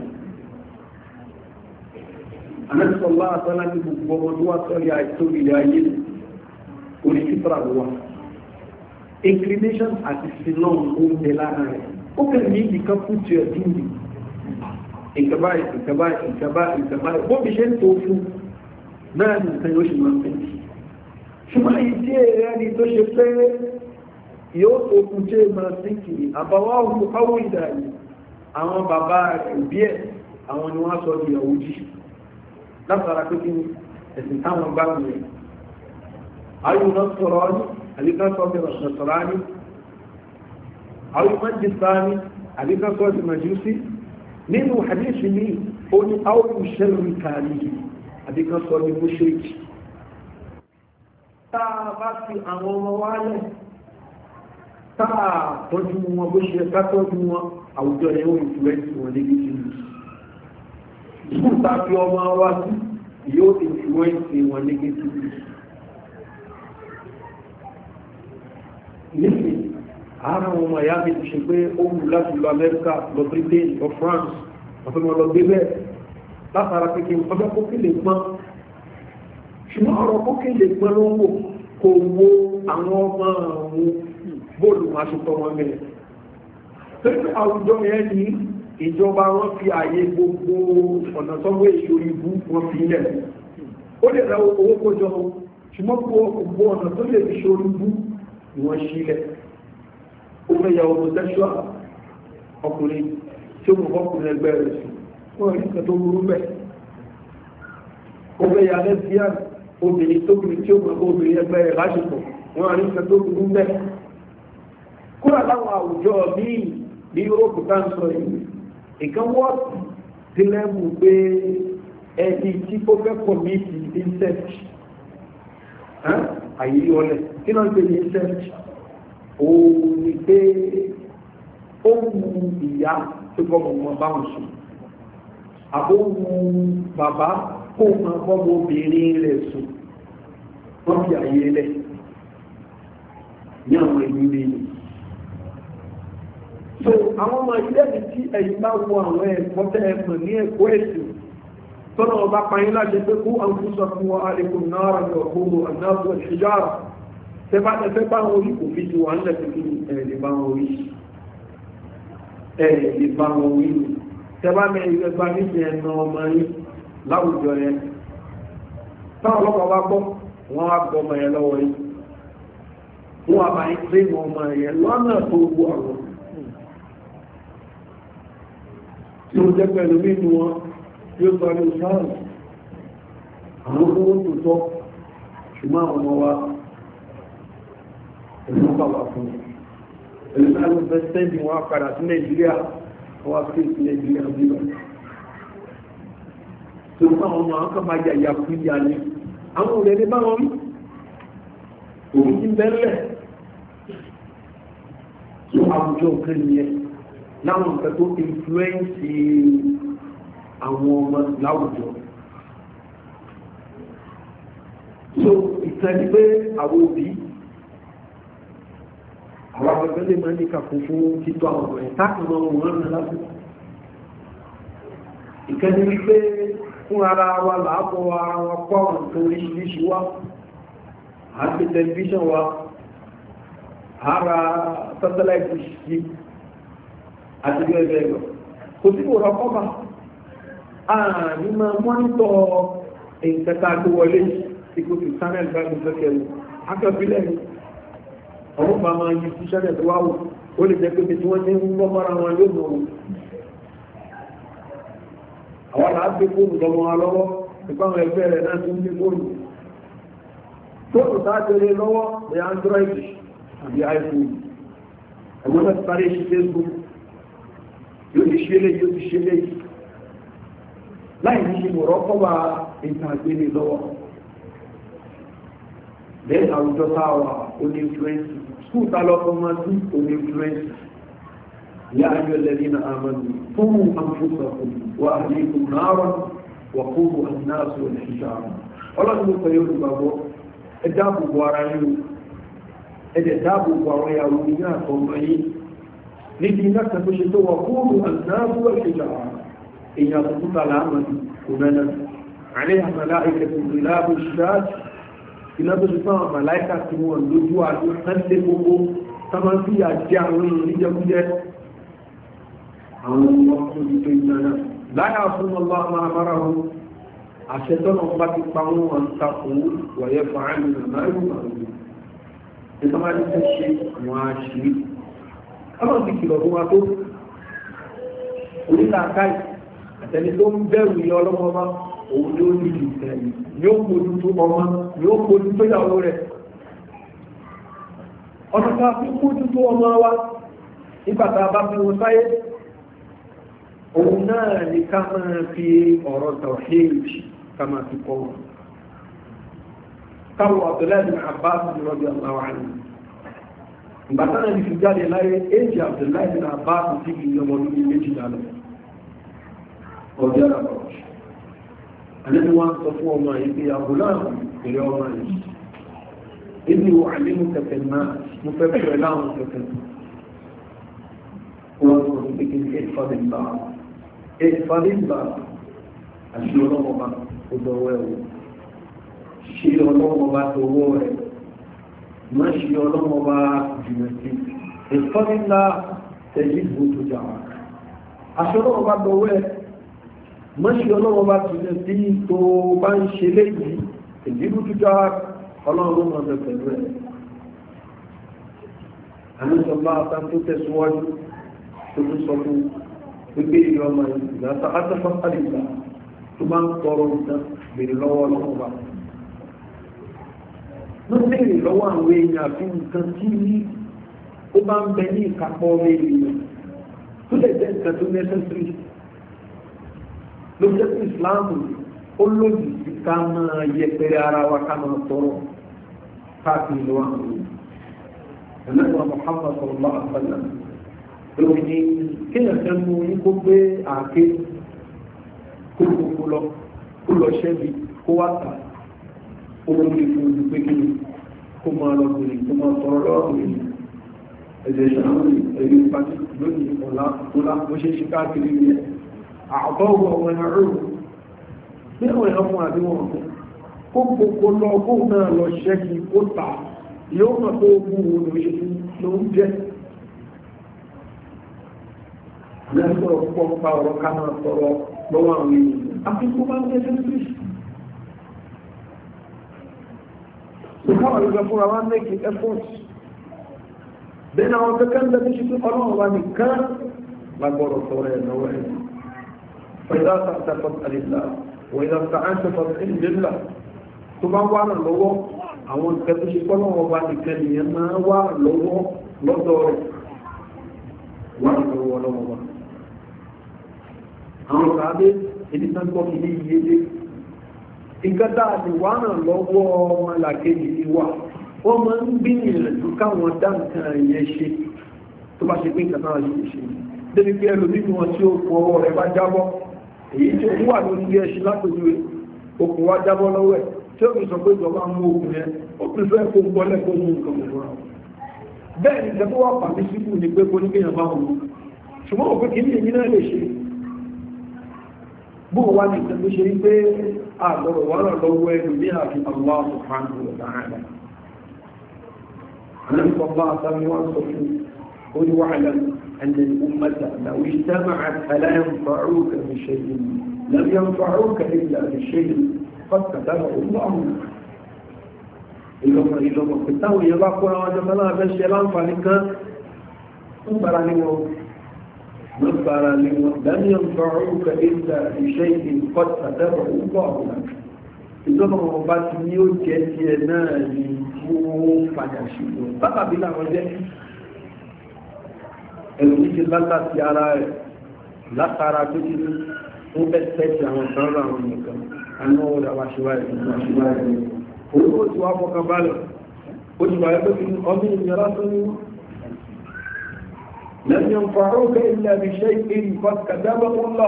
anáṣọ́lá àtàlá ní gbogbo ọmọdúwà sọ́rí àìtóbi ayé nù orí fitra ló inclination àti silon ó ń bẹ lára rẹ̀ ó kẹ́lẹ̀ ní ìdíkan fún tiẹ̀ dúró ìkàbá ìkàbá ìkàbá ìkàbá bóbi ṣe ń tó fún náà ní nǹkan yóò ṣe máa ń pè ní ṣùgbọ́n ìdí ẹ̀rẹ́ ni tó ṣe pé yóò tó kún tí ó máa sí kì í àbáwá òun fáwọn ìdàrí àwọn bàbá òbí ẹ̀ àwọn ni wọ́n sọ di jì látara pé kí ẹ̀sìn táwọn bá wù ayu nasarani àbíká sọ ti nasarani ayu majisani àbíká sọ ti majusi nínú hadisi ni ó ní ayu sẹ́rù kàlí àbíká sọ ti mọ́ṣẹ́jì tá a bá fi àwọn ọmọ wálẹ̀ táà tọ́jú wọn bó ṣe ká tọ́jú wọn àwùjọ rẹ̀ ó ìfúwẹ́sì wọn lébi tí lù sùn tàbí ọmọ wa sí yóò ìfúwẹ́sì wọn lébi tí lù nísìn àárọ̀ àwọn ọmọ ìyá mi ti ṣe pé ó wù láti lọ amẹ́ríkà lọ britain lọ france ọ̀fẹ́ mọ́ lọ gbé bẹ́ẹ̀ látara pé kí n fọ́jọ́ kókèlè gbọ́n ṣùgbọ́n ọ̀rọ̀ kókèlè gbọ́n ló ń wò kò wo àwọn ọmọ àwọn bóòlù máa ṣe tọmọ mẹ́rin torí pé àwùjọ yẹn ni ìjọba wọn fi ààyè gbogbo ọ̀nà sọ́wọ́ èso ibú wọn fi lẹ̀ ó lè ra owó kójọ ṣùgbọ́n gbogbo ọ̀nà tó lè fi ṣorí bú ni wọ́n sílẹ̀ ó fẹ́ ya homosexual ọkùnrin tí ó mọ̀ fọ́kùnrin ẹgbẹ́ rẹ̀ sí wọ́n rí nǹkan tó burú bẹ́ẹ̀ ó fẹ́ ya lesbian obìnrin tóbìnrin tí ó mọ̀ fọ́ obìnrin ẹgbẹ́ rẹ̀ láṣepọ̀ wọ́n rí nǹkan tó burú bẹ́ẹ̀ kúrò láwọn àwùjọ míì ní Europe tá ń sọ yìí nǹkan wọ́ọ̀tì dílẹ́mù pé ẹni tí ó fẹ́ kọ̀mí ti incest àyírí ọlẹ̀ kí náà ń pè ní iṣẹ́ òun ni pé ó mu ìyá tó gbọ́mọ ọmọ báwọn sùn àbó mu bàbá kó mọ gbọ́mọ obìnrin rẹ̀ sùn wọ́n fi àyè lẹ̀ ní àwọn ìlú lẹ́yìn so àwọn ọmọ ilé tí ẹ̀yin bá wo àwọn ẹ̀kọ́ tẹ́ ẹ mọ̀ ní ẹ̀kọ́ ẹ̀sìn tọ́nà ọba pàyín láti pé kú àǹfúsọ fún wa alẹ́kùn náírà ní ọ̀gbọ́gbọ́ àdáàbò ìṣìjára tẹ́bá tẹ́fẹ́ bá wọn orí kò fi ju wà ń lẹ́sìn kí ẹ̀rẹ̀ bá wọn orí ẹ̀rẹ̀ bá á gbọ́ ọmọ yẹn lọ́wọ́ yín wọn á bá yín pé wọn ọmọ yẹn lọ́nà tó gbó àwọn tí ó jẹ́ pẹ̀lú nínú wọn yóò sọ ní ìṣáàrù àwọn owó tó tọ́ ṣùgbọ́n àwọn ọmọ wa ẹ̀sùn pàpà fún ẹ̀lẹ́sàlù pẹ́sẹ́ntì wọn padà sí nàìjíríà wọ́n sí sí nàìjíríà bíbá tó fún àwọn ọmọ akọ́ yàyà fún ìyá ni àwọn òrẹ́ ní báwọn rí òun ti bẹ́lẹ̀ tó àwùjọ kan nìyẹn láwọn nǹkan tó influence àwọn ọmọ láwùjọ so ìtàn ni pé àwọn òbí àwọn ọ̀gbẹ́ lè máa ní kàkùn fún títọ́ àwọn ọ̀rẹ́ tákùn ọmọ wọn rán lásìkò ìkẹ́ni wípé fún ara wa làápọ̀ ara wa pọ̀ àwọn nǹkan oríṣiríṣi wá à ń pè tẹlifíṣàn wa ara satellite dish sí àti bí ẹgbẹ́ ẹgbẹ́ kò sí kò rọ kọ́ bá ààrin máa mọ́nítọ̀ ìtẹta tó wọlé ipò tí sánẹ́lì bá gbogbo kẹrù akẹ́bílẹ̀ ọ̀rọ̀ bá máa yí sí sánẹ̀ tó wáwò ó lè jẹ́ pé tí wọ́n ní ń gbọ́ mọ́ra wọn yóò mọ̀ wọn àwọn làágbé fóònù lọ́mọ wa lọ́wọ́ ìpáwọn ẹgbẹ́ rẹ̀ náà ti ń gbé fóònù fóònù a tẹ̀lé lọ́wọ́ ní android àbí iphone ẹ̀wọ́n náà ti parí láì ní ṣe mọ̀rọ́kọ́wà ìtàn àgbélé lọ́wọ́ bẹ́ẹ̀ àwùjọ táwà oní influence skúù tá lọ́kọ́ máa sí oní influence ya ayọ́ lẹ́ni na amadu fún àfúsàkùn wà àlékún náírà wà kúrò àdínáàsù ìṣà ọlọ́dún mú pẹ̀lú olùgbàgbọ́ ẹ dáàbòbò ara yìí ẹ dẹ̀ ní àtọ̀mọ́ yìí wà kúrò àdínáàsù ìṣà èèyàn tuntun tààlà àmà òmẹ́nà àlẹ́ àmàlà ìkẹtùnkù láàbù ṣáàjì iná tó ti fáwọn màláìkà tí wọ́n lójú àdó sẹ́ńtẹ́ gbogbo sábà ń fìyà jẹ àwọn èèyàn níjẹkújẹ àwọn ọmọ ọkùnrin tó iná náà láyà fún ọlọ́ àmà àmàrà wọn àṣetọ́nà bá ti pa wọn wọn ta òun wọ̀yẹ fàánù nàmá ìlú màlúù nípa máa ń fẹ́ ṣe àwọn àṣírí ọlọ́run ti kìlọ̀ fún wa tó onílà káyìí àtẹni tó ń bẹ̀rù ní ọlọ́mọ bá òun ló ní ìfẹ́ ni ó tó ọmọ a tó ọmọ wa nígbà bá fi wọn sáyé òun náà ni ká máa fi ọ̀rọ̀ tàwíìdì ká máa fi kọ́ wọn káwọn Abdullahi bin Abbas ìgbà fi jáde láyé éjì bin Abbas ọjọ́ àkọ́kọ́ àlẹ́bí wọn sọ fún ọmọ yìí pé àbúlá ìrẹ́ ọmọ yìí ibi wọ àlẹ́mú kẹfẹ́ náà mo fẹ́ fẹ́ láwọn kẹfẹ́ wọn sọ fún pé kí n ṣe ìfọdé gbà ìfọdé gbà àti ọlọ́mọba ó dọwọ́ ẹ̀ wò ṣe ọlọ́mọba dọwọ́ ẹ̀ má ṣe ọlọ́mọba jùlọ sí ìfọdé ńlá tẹ̀lé ìbò tó jà wá aṣọ ọlọ́mọba dọwọ́ ẹ̀ mọ́ṣí ọlọ́wọ́ bá ti lè bí tó bá ń ṣe léyìí ìdílú títà ọlọ́run náà bẹ̀ pẹ̀lú ẹ̀ àmúṣọlá ata tó tẹ̀síwájú tó tún sọ fún gbígbé ìlú ọmọ ìgbà tá a tẹ́ fọ́pálì gbà tó bá ń tọrọ nǹkan béèrè lọ́wọ́ ọlọ́wọ́ bá ló béèrè lọ́wọ́ àwọn èèyàn àfi nǹkan tí ó bá ń bẹ ní ìkápọ̀ ọmọ ènìyàn tó lè jẹ́ nǹkan tó nẹ́sẹ̀sìrì ló jẹ́ pé ìsìláàmù ó lòdì sí ká máa yẹpẹrẹ ara wa ká máa tọrọ káàkiri lọ́wọ́ àwọn ènìyàn. ẹ̀lẹ́gbọ̀n Muhammad sallallahu alaihi wasallam lórí kéèyàn fẹ́ mú yín kó gbé àáké kó kókó lọ kó lọ ṣẹ́bi kó wá tà owó lè fún ojú pé kí kó máa lọ bèrè kó máa tọrọ lọ́rùn yìí ẹ̀jẹ̀ ìṣàlùmí ẹ̀rí pàtó lónìí ọ̀la ọ̀la bó ṣe ṣe káàkiri yẹn. àtọ́wọ̀ ọ̀rọ̀ bí àwọn èèyàn fún àdíwọ̀n ọ̀fẹ́ kó gbogbo lọ kó náà lọ tà yóò mọ̀ tó ogun ṣe fún ń ní ṣe فإذا سألت فاسأل الله وإذا استعنت فاستعن بالله tó bá wà lọ́wọ́ àwọn nǹkan tó ṣe kọ́nà ọba nìkan nìyẹn máa wà lọ́wọ́ lọ́dọ̀ rẹ̀ wà lọ́wọ́ lọ́wọ́ wa. àwọn sàábé ẹni tán gbọ́ kí ní iye dé. nǹkan tá a lè wà ràn lọ́wọ́ ọmọlàkejì ti wà wọ́n máa ń gbìyànjú káwọn dá nǹkan yẹn ṣe tó bá ṣe pé nǹkan náà ṣe ṣe. débi pé ẹlòmínú wọn tí ó fọ ọwọ́ rẹ̀ bá jábọ́ èyí tí ó wà lórí ilé ẹṣin lápèjúwe okùn wá jábọ́ lọ́wọ́ ẹ̀ tí ó sọ pé ìjọba mú okùn yẹn ó fi fẹ́ kó ń bọ́lẹ̀ kó mú nǹkan mìíràn bẹ́ẹ̀ ni ìjọba wà pàmí síkù pé kó bá wọn ṣùgbọ́n lè ṣe bó wá ní ìtẹ́lú ṣe pé àlọ́rọ̀ wà lọ́wọ́ ní àfi أن الأمة لو اجتمعت فلا ينفعوك بشيء لم ينفعوك إلا بشيء قد كتبه الله إذا إذا ما كتبه يلا قولا وجب الله بس يلا فلك نبرا لي نبرا لي لم ينفعوك إلا بشيء قد كتبه الله لك إذا ما بات ميو كتير نادي فو فنشيو بابا بلا وجه ẹ̀rùn ti lálà sí ara rẹ̀ látara tó ti ní ó bẹ́ tẹ́tì àwọn sọ́rọ̀ àwọn nìkan àwọn ọ̀dà wa ṣe wáyé wa ṣe wáyé orúkọ tí wàá fọkàn balẹ̀ ó ti wáyé pé kí ọdún ìyára tó ní lẹ́yìn ọ̀fọ̀rọ̀kẹ́ ilẹ̀ àbíṣẹ́ ìpè ìfọ̀kàdábọ̀ ńlá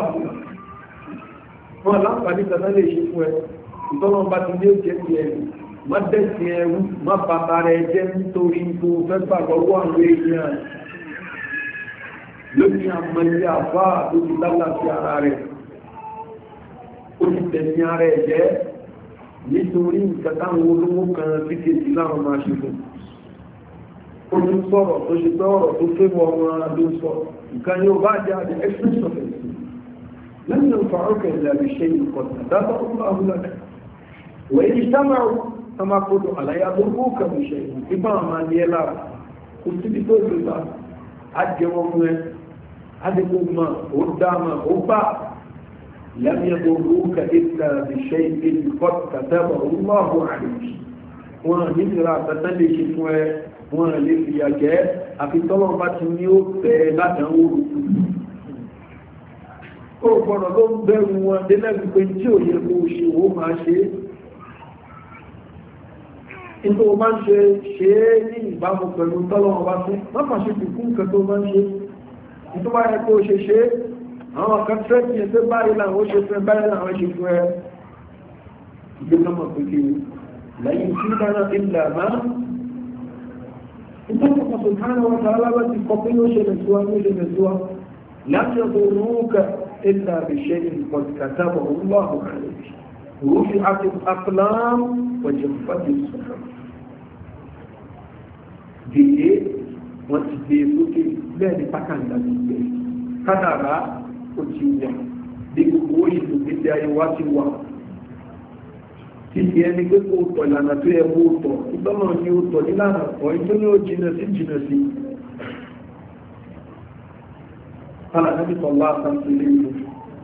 wọn láǹfààní tàbí lè ṣe fún ẹ ìtọ́nà bá ti má bàbá rẹ̀ jẹ́ nítorí tó fẹ́ gbàgbọ́ àwọn èèyàn lórí àmọ́ ilé àbá tó ti lálàsí ara rẹ̀ ó ti tẹ̀mí ara ẹ̀ jẹ́ nítorí nǹkan táwọn olówó kan títí sí láwọn máa ṣe fún ó ti sọ̀rọ̀ tó ṣe pé ọ̀rọ̀ tó fẹ́wọ̀ ọmọ ló sọ nǹkan yóò bá jẹ́ àti express of it lẹ́yìn ọ̀fà adigun ma ó dáama ó bá lẹ́mìíràn orúkọ ìta ìṣe ìdíkọ́ kàtàbọ̀ ọlọ́hùn àdìjì wọn nígbà àtàtà lè ṣe fún ẹ wọn lè fìyà jẹ àfi tọ́lọ́ bá ti ní ó tẹ̀ ẹ́ látàwọn olùkú ó gbọ́dọ̀ ló ń bẹ̀rù wọn délẹ́gbù pé tí ò yẹ kó ṣe ó máa ṣe é nítorí o máa ń ṣe é ní ìbámu pẹ̀lú tọ́lọ́ wọn bá fún má fàṣẹ kùkú nǹkan tó máa ń ṣe é tó bá yẹ kó o ṣe ṣe àwọn kan tẹ́tì yẹn pé báyìí làwọn ó ṣe fún ẹ báyìí làwọn ṣe fún ẹ ìgbé náà mọ̀ pé kí lẹ́yìn tí dáná ilẹ̀ àmá ìtọ́jú pàtó káàrà wọn tàà lábá ti kọ pé yóò ṣẹlẹ̀ síwá yóò ṣẹlẹ̀ síwá láti ọ̀dọ̀ orúkà ilẹ̀ àbíṣẹ́ ìpọ̀tìkàtà bọ̀ ọ̀rúnlọ́ àbúkàlẹ̀ rúfi bẹ́ẹ̀ ni pákàndà ti gbẹ kádàrá ó ti wà bí gbogbo ìlú gbèsè ayé wa ti wà títí ẹni pé kó tọ̀ ìlànà tó yẹ kó tọ̀ ìtọ́nà ni ó tọ̀ nílànà ọ̀ ìjọ ni ó jìnà sí jìnà sí قال النبي صلى الله عليه وسلم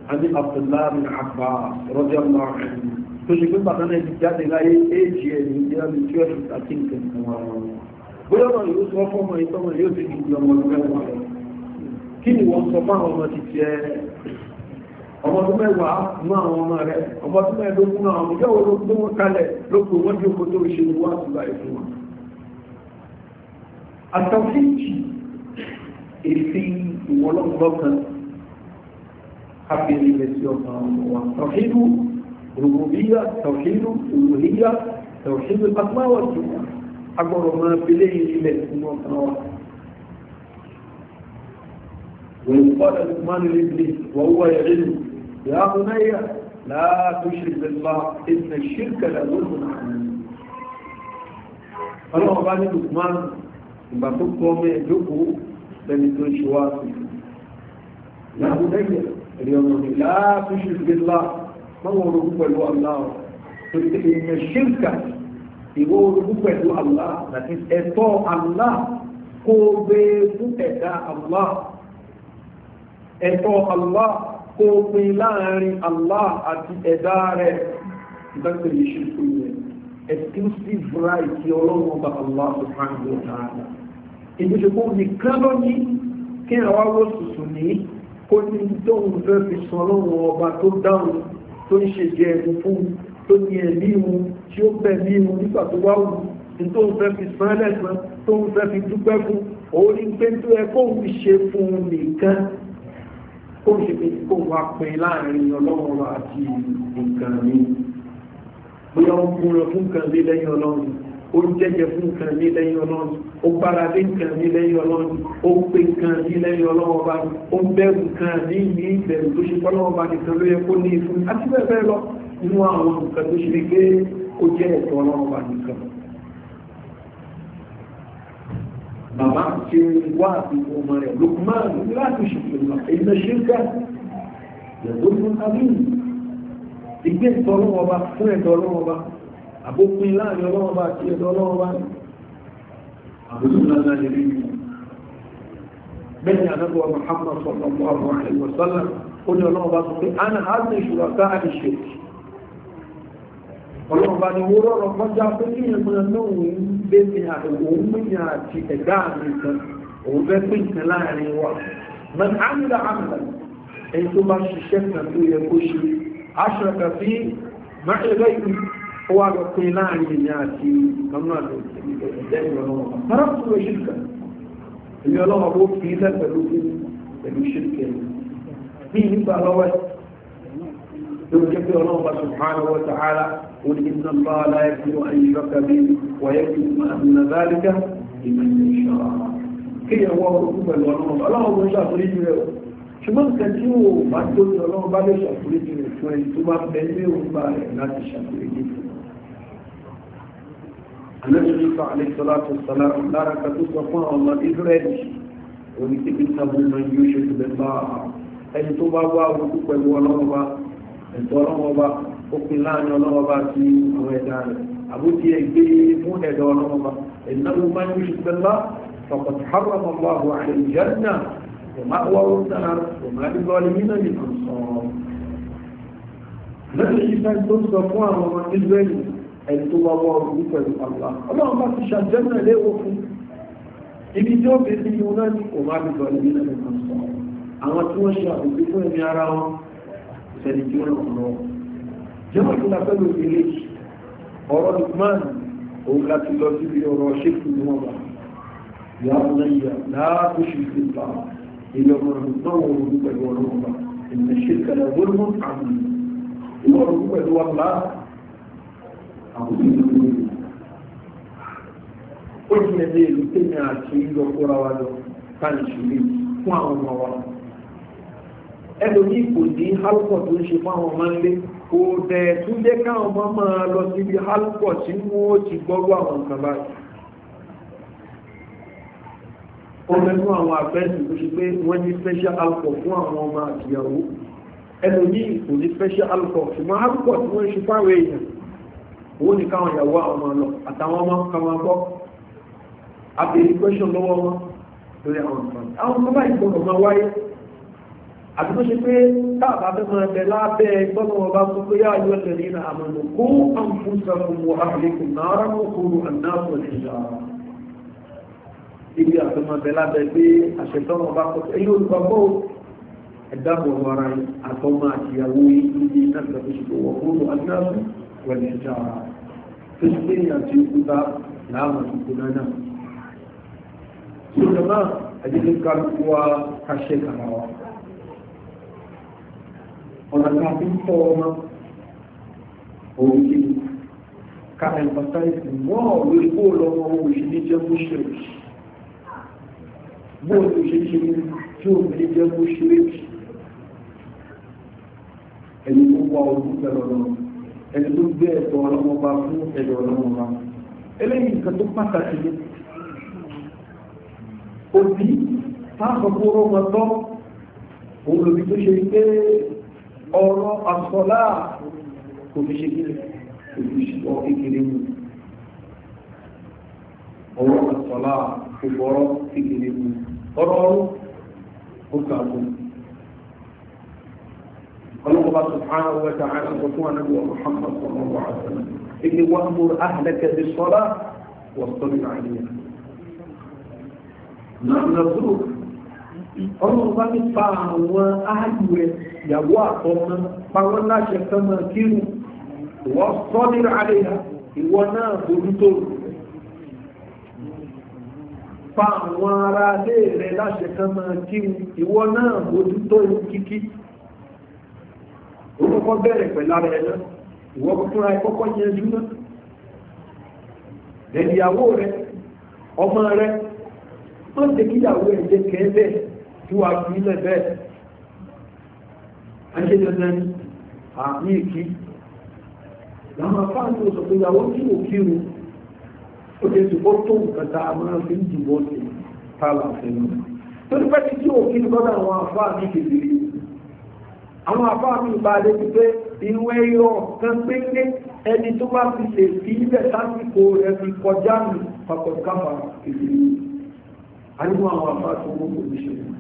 عن عبد الله بن عباس رضي الله عنه تجي كل بعد أنا جاد لا يجي يعني يعني شو أكيد كم bóyá ọmọ yóò sọ fún ọmọ ìtọ́mọ yóò ti di ọmọ ìgbẹ́wọ̀ rẹ̀ kí ni wọ́n sọ fún àwọn ọmọ ti tiẹ̀ ọmọ tó mẹ́wàá mú àwọn ọmọ rẹ̀ ọmọ tó mẹ́ẹ̀ẹ́dógún àwọn ọmọ yóò ló gbé wọn kalẹ̀ lóko wọ́n di oko tó ṣe wá àtúbà ìfún wọn. àtàkìjì èsì ìwọlọ́gbọ́kan kábíyèsí rẹ̀ sí ọ̀kan wa tọ̀hídù rògbòbíyà tọ̀hídù òwòlíyà tọ̀hídù pàtàkì agbọ́rọ̀ máa belé ilẹ̀ nínú ọkàn wa wọ́n kọ́lẹ̀ lukman libni wọ́n wọ́ ẹ̀rí nù yà á múná yà láà tó ṣèlè bá ìnà ṣírkà lọ́wọ́ ọlọ́wọ́ bá ní lukman ìgbà tó kọ́ ọmọ ẹ̀ jókòó ìwọ orogún pẹ̀lú Allah àti ẹ̀tọ́ Allah kó gbé fún ẹ̀dá Allah ẹ̀tọ́ Allah kó pin láàrin Allah àti ẹ̀dá rẹ̀ ìbẹ́pẹ̀ yìí ṣe fún yẹn exclusive right ti ọlọ́run ọba Allah subhanahu wa ta'ala ìgbésẹ̀ kó nìkan ní kí ẹ̀rọ wá wọ́ ní kó ní tóun fẹ́ fi sọ ọlọ́run ọba tó dáhùn tó ń ṣe jẹ ẹ̀bùn fún tó ní ẹ̀mí wọn tí ó bẹ̀ mí wọn nígbà tó wá wù ní tó ń fẹ́ fi san lẹ́sàn tó ń fẹ́ fi dúpẹ́ fún òun ní pé tó ẹ kóun ṣe fún un nìkan kó ṣe pé kó wá pin láàrin ọlọ́run àti nǹkan mi bóyá ó múra fún nǹkan mi lẹ́yìn ọlọ́run ó jẹ́jẹ́ fún nǹkan mi lẹ́yìn ọlọ́run ó gbára lé nǹkan mi lẹ́yìn ọlọ́run ó pe nǹkan mi lẹ́yìn ọlọ́run ọba ó bẹ̀rù nǹkan mi ní ìbẹ̀rù tó ṣe fọ́lọ́run ọba nìkan ló yẹ kó ní ìfún àti bẹ́ẹ̀ bẹ́ẹ̀ lọ nínú àwọn nǹkan tó ṣe pé ó jẹ́ ẹ̀tọ́ ọlọ́run wa nìkan bàbá ti wá àbíkú ọmọ rẹ̀ Lukman láti ṣùgbọ́n ẹ̀yìn ṣíkà lẹ́gbọ́n amín ìgbé ẹ̀tọ́ ọlọ́run ọba fún ẹ̀tọ́ ọlọ́run ọba àbópin láàrin ọlọ́run ọba àti ẹ̀tọ́ ọlọ́run ọba àbópin láàrin ọlọ́run bẹ́ẹ̀ni ó ní ọlọ́run sọ pé ìṣúra ọlọ́run bá ní wọ́n rọrọ̀ kọjá pé kí ni máa náà òun gbé mi àti òun mímì àti ẹ̀dá mi kan òun fẹ́ pín nǹkan láàrin wa mẹ́ta àmìlà àmìlà ẹni tó bá ṣiṣẹ́ kan tó yẹ kó ṣe aṣọ kàfí mẹ́rẹ̀lẹ́ yìí ó wá lọ pín láàrin mi àti ọmọ ìdẹ́yìn ọlọ́run tọ́rọ tó lọ ṣìkà èmi ọlọ́run bó fi ilẹ̀ pẹ̀lú pẹ̀lú ṣìkà mi nígbà lọ́wọ́ يكفر الله سبحانه وتعالى قل إن الله لا يكفر أن يشرك به ويكفر أن ذلك لمن يشاء كي هو ركوب الغنوم الله ما شاء تريد له شو ما كان شو ما تقول الغنوم بعد شاء تريد له شو ما شو ما بيني وما ناس شاء تريد له أنا شو يقع عليه الصلاة والسلام لا ركتو صفان الله إدريش ونكتب سبب من يشرك بالله أي توبة وركوب الغنوم ẹ̀tọ́ ọlọ́mọba ó pin láàrin ọlọ́mọba sí àwọn ẹ̀dá rẹ̀ àbótí ẹgbẹ́ mú ẹ̀dọ́ ọlọ́mọba ìnáwó máa ń rí ìpẹ́lá فقد حرم الله وما للظالمين من أنصار لكن إذا كنت أقوام ومن إذن أن تبوا الله اللهم أفشى الجنة ليه وفو ibi tí ó bèèrè yóò náà ní ọmọ àbìbọ̀lẹ̀ nínú ẹ̀kọ́ sọ àwọn tí wọ́n ṣe àbòsí fún ẹ̀mí ara wọn sẹ́ni tí ó ràn lọ. jẹ́wọ́n tó lápẹ́ ló fi léjì ọ̀rọ̀ lukman òun láti lọ síbi ọ̀rọ̀ ṣéfù ní wọn bá yà á lọ yà láàbù sí fi bá ilé ọmọ rẹ̀ náà wọ̀ ọ̀rọ̀ pẹ̀lú ọ̀rọ̀ wọn bá ìmọ̀ ṣe kẹlẹ̀ wọ́lmọ́ àmì ìwọ̀ ọ̀rọ̀ pẹ̀lú wọn bá àwọn ọmọ ẹlòmí kò ní hálùkọ̀ tó ń ṣe fáwọn ọmọ ńlé kò dẹ̀ tún jẹ́ káwọn ọmọ máa lọ síbi hálùkọ̀ tí wọ́n ti gbọ́rọ̀ àwọn nǹkan báyìí ó mẹ́nu àwọn àfẹ́sì tó ṣe pé wọ́n ní special hálùkọ̀ fún àwọn ọmọ àtìyàwó ẹlòmí kò ní special hálùkọ̀ ṣùgbọ́n hálùkọ̀ tí wọ́n ń ṣe fáwọn èèyàn òun ni káwọn ìyàwó àwọn ọmọ lọ àtàwọn ọmọ káwọn bọ́ àbẹ̀rẹ̀ àti tó ṣe pé káàbà fẹ́ máa bẹ lábẹ́ gbọ́nà ọba tó pé yá yóò tẹ̀lé ní àmàlù kó àǹfùsàkùn wọ àfìlẹ́kùn náírà mú kúrò àdáàbò ní ìjà ibi àti máa bẹ lábẹ́ pé àṣetọ́nà ọba kọ́ ẹ̀yìn olùgbàgbọ́ ẹ̀dáàbò wara àtọ́mọ àtìyàwó ibi náà tó ṣe pé wọ́n kúrò àdáàbò ìjà tó ṣe pé àti ìkúta láàmà ìkúná náà. náà, ọ̀nà tá a fi ń tọ́ ọmọ òun kí ni ká emphasize more lórí kó lọ́wọ́ owó ìṣẹ́lẹ̀ jẹ́ mọ́ṣẹ́lẹ̀ bó o ṣe ṣe ní tí o fi jẹ́ mọ́ṣẹ́lẹ̀ ẹni tó wá ojú pẹ̀lú ọlọ́run ẹni tó gbé ẹ̀tọ́ ọlọ́run bá fún ẹ̀yọ̀ ọlọ́run bá eléyìí nǹkan tó pàtàkì ni ọ̀rọ̀ àsọ̀lá kò fi ṣe kílẹ̀ kò fi ṣùgbọ́ kékeré mú ọ̀rọ̀ àsọ̀lá kò gbọ́rọ̀ kékeré mú ọ̀rọ̀ ọ̀rọ̀ ó kà á fún ọlọ́mọba subhanahu wa ta'ala sọ fún anábì Muhammad sallallahu alaihi wa sallam wọn mú ahlaka bis salah wọ́n sọ́dún àyè ọlọ́run bá ní pa àwọn áàlù rẹ̀ ìyàwó àtọ́mọ́ pa láṣẹ sọ́mọ́ kírun wọ́n sọ́ nínú ìwọ náà bójútó pa àwọn ará ilé rẹ̀ láṣẹ sọ́mọ́ kírun ìwọ náà bójútó kíkí ó kọ́kọ́ bẹ̀rẹ̀ pẹ̀lá náà ìwọ kọ́kọ́ ẹ̀dìyàwó rẹ̀ tí wà fi ilẹ̀ bẹ́ẹ̀ ẹṣẹ́ dandan àmì ìkí láwọn afáàlú òṣèlú ìyàwó tí ò kírun ó lè tó tó nǹkan tá a máa fi ń dìbò sí tààlà fẹ́nu tó ní pẹ́ẹ́tì tí ò kírun lọ́dọ̀ àwọn afáàlú kékeré àwọn afáàlú ìbáadé ti pé ìwé yọ kan ẹni tó bá fi lè fi ilẹ̀ sásìkò rẹ̀ kọjá mi pàpọ̀ káfà kékeré. a àwọn afáàlú tó gbogbo ìṣẹ̀lẹ̀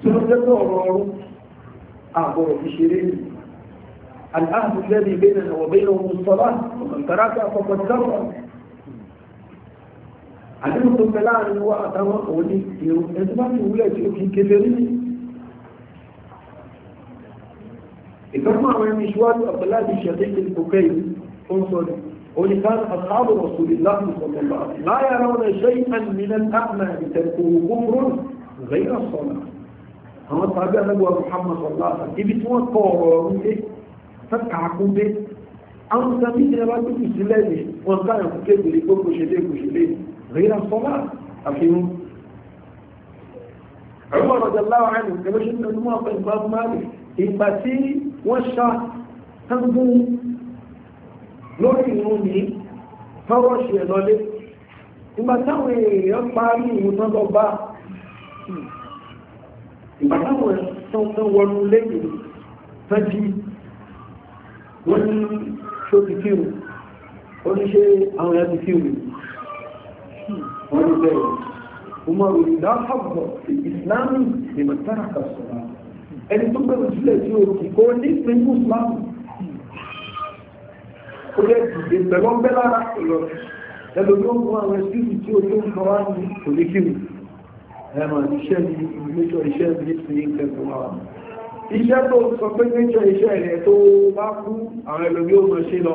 أعبر في شرين الأهد الذي بيننا وبينهم الصلاة ومن تركها فقد كرر عليهم تبتلع عن الوقت وقولي يزمعني ولا تقول في كبيرين إذا ما مشوار أبلاد الشديد البكين انصر قولي كان أصحاب رسول الله صلى الله عليه وسلم لا يرون شيئا من الأعمى تركه كفر غير الصلاة àwọn tàbí anábíwá Muhammad sallallahu alaihi wasallam ibi tí wọ́n kọ ọ̀rọ̀ ọ̀run dé sẹ́ka kún dé àwọn nǹkan bí ìjìnlẹ̀ bá gbèsè sílẹ̀ ní wọn káyọ̀ fún kékeré pé kò ṣe lé kò ṣe lé rírà sọ́lá àfihàn ọmọ ọ̀rọ̀dà táwọn èèyàn parí ìrún lọ bá ìgbàláwọn tọ́tọ́ wọnú lẹ́yìn tọ́jú wọ́n ní ṣó ti kírù ó ní ṣe àwọn ya ti kírù wọ́n ní bẹ̀rẹ̀ umaru ìdáhàbọ̀ ìsìláàmù ni mọ̀tàrà kàṣọ́ra ẹni tó bẹ̀rù sílẹ̀ tí ó kì kó ní pínpín ìsìláàmù ó yẹ ẹ̀mọ̀ iṣẹ́ mi mẹ́jọ iṣẹ́ mi sí ìkẹ̀kùn wa iṣẹ́ tó sọ pé mẹ́jọ iṣẹ́ rẹ̀ tó bá kú àwọn ẹlòmí ó mọ̀ ṣe lọ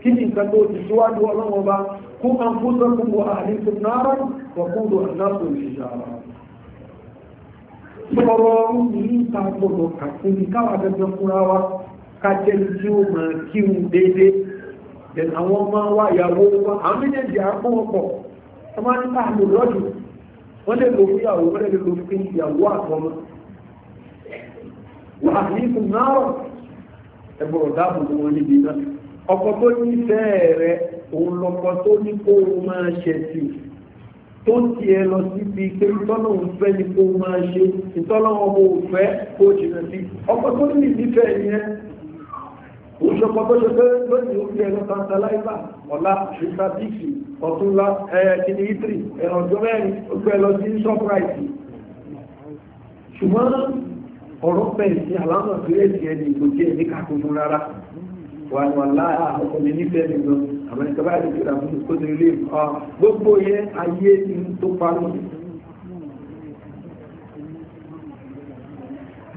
kí ni nǹkan tó ti síwájú ọlọ́wọ́n bá kú kan fún sọ́kùn wọ àríkùn náírà wọ̀kúndò àdáàbò ìṣẹ̀ṣẹ̀ ara sọ̀rọ̀ yìí ta gbọdọ̀ kàkiri káwà gẹ́gẹ́ fúnra wa kájẹ́ni tí ó mọ̀ kírun déédéé àwọn ọmọ wa ìyàwó wa àwọn méjèèjì àpọ̀ ẹ máa ní káàmù lọ́dù wọ́n lè lò fún ìyàwó wọ́n lè lò fún ìyàwó àtọ́mọ wà á ní fún náà ẹ bọ̀rọ̀ dáàbò wọn níbi náà ọkọ tó ní fẹ́ẹ̀ rẹ òun lọkọ tó ní kó o máa ṣẹ̀ sí tó ti ẹ lọ síbi pé ìtọ́nà òun fẹ́ ni kó o máa ṣe ìtọ́nà ọmọ òun fẹ́ kó o jìnà sí ọkọ tó ní ìdífẹ́ yẹn ìṣọpọ tó ṣe pé lónìí ó fi ẹnu tantalizer ọ̀la ṣùgbọ́n bíìsì ọ̀túnla ẹ̀ẹ́dínní ìtìrì e ẹ̀rọ ọjọ́ mẹ́rin ó gbé lọ sí shoprite ṣùgbọ́n ọ̀rọ̀ pẹ̀lú sí aláwọ̀ kírèsì ẹni ìgbòjì ẹni kàkójú rárá wà ní wàlá ọkùnrin nífẹ̀ẹ́ mi lọ àwọn ìjọba àti ìjọba fún ìkóso ilé gbogbo yẹ ayé ní tó parọ́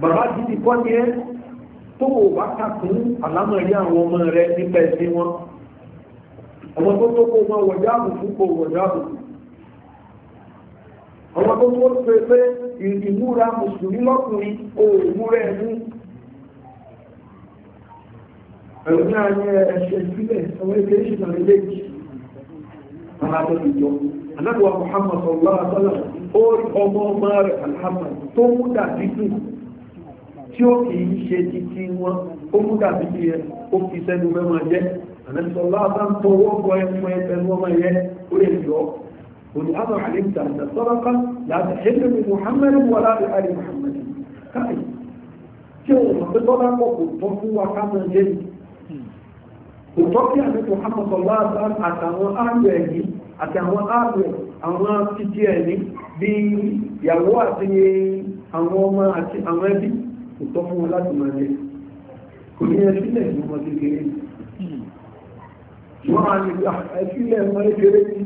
bàbá ti ti kọ́ ni ẹ́ tó o bá kàkún àlámọ̀rí àwọn ọmọ rẹ nípa ẹ̀sìn wọn ọmọ tó tó kó wọn wọ̀já àbùkù kó wọ̀já àbùkù ọmọ tó tó ṣe pé ìmúra mùsùlùmí lọ́kùnrin o ìmúra ẹ̀mú ẹ̀rù náà ní ẹ̀ṣẹ̀ ìpínlẹ̀ ọmọ ilé ìṣúná ilé ìjì ọmọ tó jọ anábìwá Muhammad sallallahu alaihi ọmọ ọmọ rẹ̀ alhamdulilayi tó mú dàbí dùn tí ó kì í ṣe títí wọn ó mú dàbí bí ẹ ó fi sẹ́nu mẹ́mọ̀ jẹ́ àlẹ́sọ̀lá bá ń tó owó gọ ẹfún ẹgbẹ́ ọmọ yẹ ó lè yọ òní àbọ̀ láti ẹgbẹ́ mi muhammadu wà muhammadu tí ó tọ́lá pọ̀ kò tọ́ fún wa ká jẹ́ kò tọ́ kí àmì àtàwọn àti àwọn àwọn títí kò tọ́ fún wọn láti máa jẹ kò ní ẹsílẹ̀ ní ah, ọmọ kékeré a á ní ẹsílẹ̀ ọmọ kékeré ní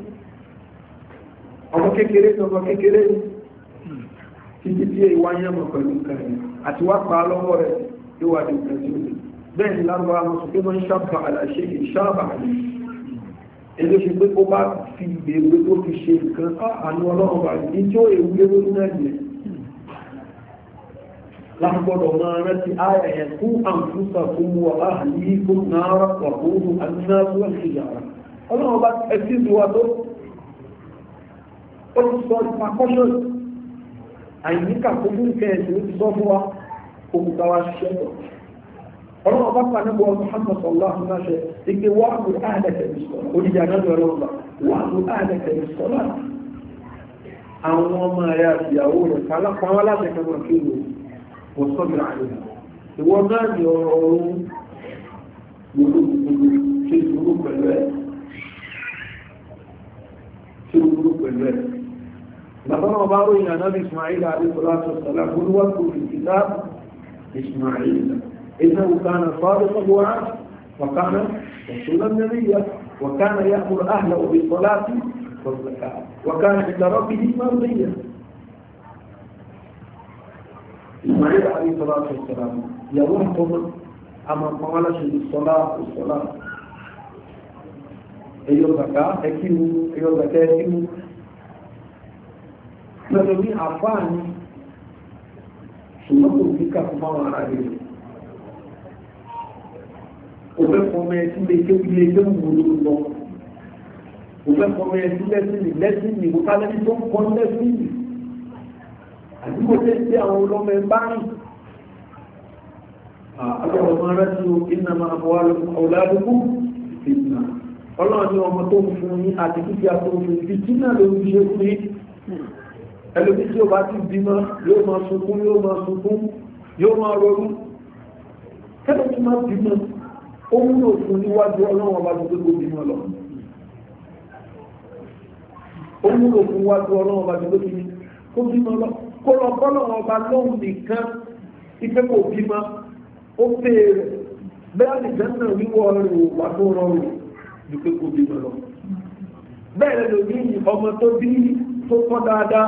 ọmọ kékeré ní ọmọ kékeré ní títí tí ìwà yẹn mọ̀ pẹ̀lú nǹkan yẹn àti wá pa á lọ́wọ́ rẹ̀ ìwà ní nǹkan tí ó lè bẹ́ẹ̀ ni lárúbáwá mọ̀ sókè mọ́ ń ṣàbà àlàṣe ìṣàbà àlè èdè ṣe pé kó bá fi ìgbèrè tó fi ṣe nǹkan ah, àánú ọlọ́run bá ní tí ó èwú léwé náà lágbọ́dọ̀ máa rántí ayẹyẹ kú àǹfúsà fún wa láàrín kó náà wà kóòdù àdínáàbúwà sí yàrá ọlọ́run bá ẹtí ìdúwà tó ó ti sọ nípa kọ́ṣọ́ àìníkà tó fún kẹ́ẹ̀sì ó ti sọ fún wa òkúta wa ṣiṣẹ́ tọ̀ ọlọ́run bá pa nígbà ọdún hàn sọ láàrín náà ṣe ike wà والصبر عليها هو قال يرعون في الملوك الملوك في الملوك الملوك نظر بعض إلى نبي إسماعيل عليه الصلاة والسلام هو وكل الكتاب إسماعيل إنه كان صادق هو وكان رسول النبي وكان يأمر أهله بالصلاة والزكاة وكان عند ربه مرضيا ìsmail alayhi salatu wa salam ìyàwó àkọ́kọ́ àmọ́ kan wá láṣẹ ìsọlá ìsọlá ẹyọ bàtà ẹkíwu ẹyọ bàtà ẹkíwu pẹ̀lú ní àfáàní ṣùgbọ́n kò ní kàkó máwọn ará rẹ̀ òfẹ́ fọmọ ẹtí lè ké ilé ilé ìwòlò lọ òfẹ́ fọmọ ẹtí lẹ́sìn lẹ́sìn ìwòkálẹ́sìn tó ń kọ́ lẹ́sìn àti kò tẹ́ sí àwọn olómọ ẹ̀bá rìn àgbẹ̀wọ̀ máa rántí o iná máa bọ́ ọ̀làdúgbò fìtìnà ọlọ́run ní ọmọ tó ń fún yín àti títí àtò òfin fìtìnà ló ń ṣe fún yín ẹlòmí tí ó bá ti bímọ yóò máa sunkún yóò máa sunkún yóò máa rọrú kẹ́lẹ́ tí máa bímọ ó ń lò fún níwájú ọlọ́run ọba gbogbo bímọ lọ ó ń lò fún wájú ọlọ́run ọba gbogbo bímọ lọ kó lọ bọ́lọ̀ ọba lóhùn nìkan ipe kò bímọ ó béèrè bẹ́ẹ̀ nìkan náà wíwọ́ rẹ̀ ò wà tó rọrùn ju pé kò bímọ lọ. bẹ́ẹ̀ ló ní ọmọ tó bí tó kọ́ dáadáa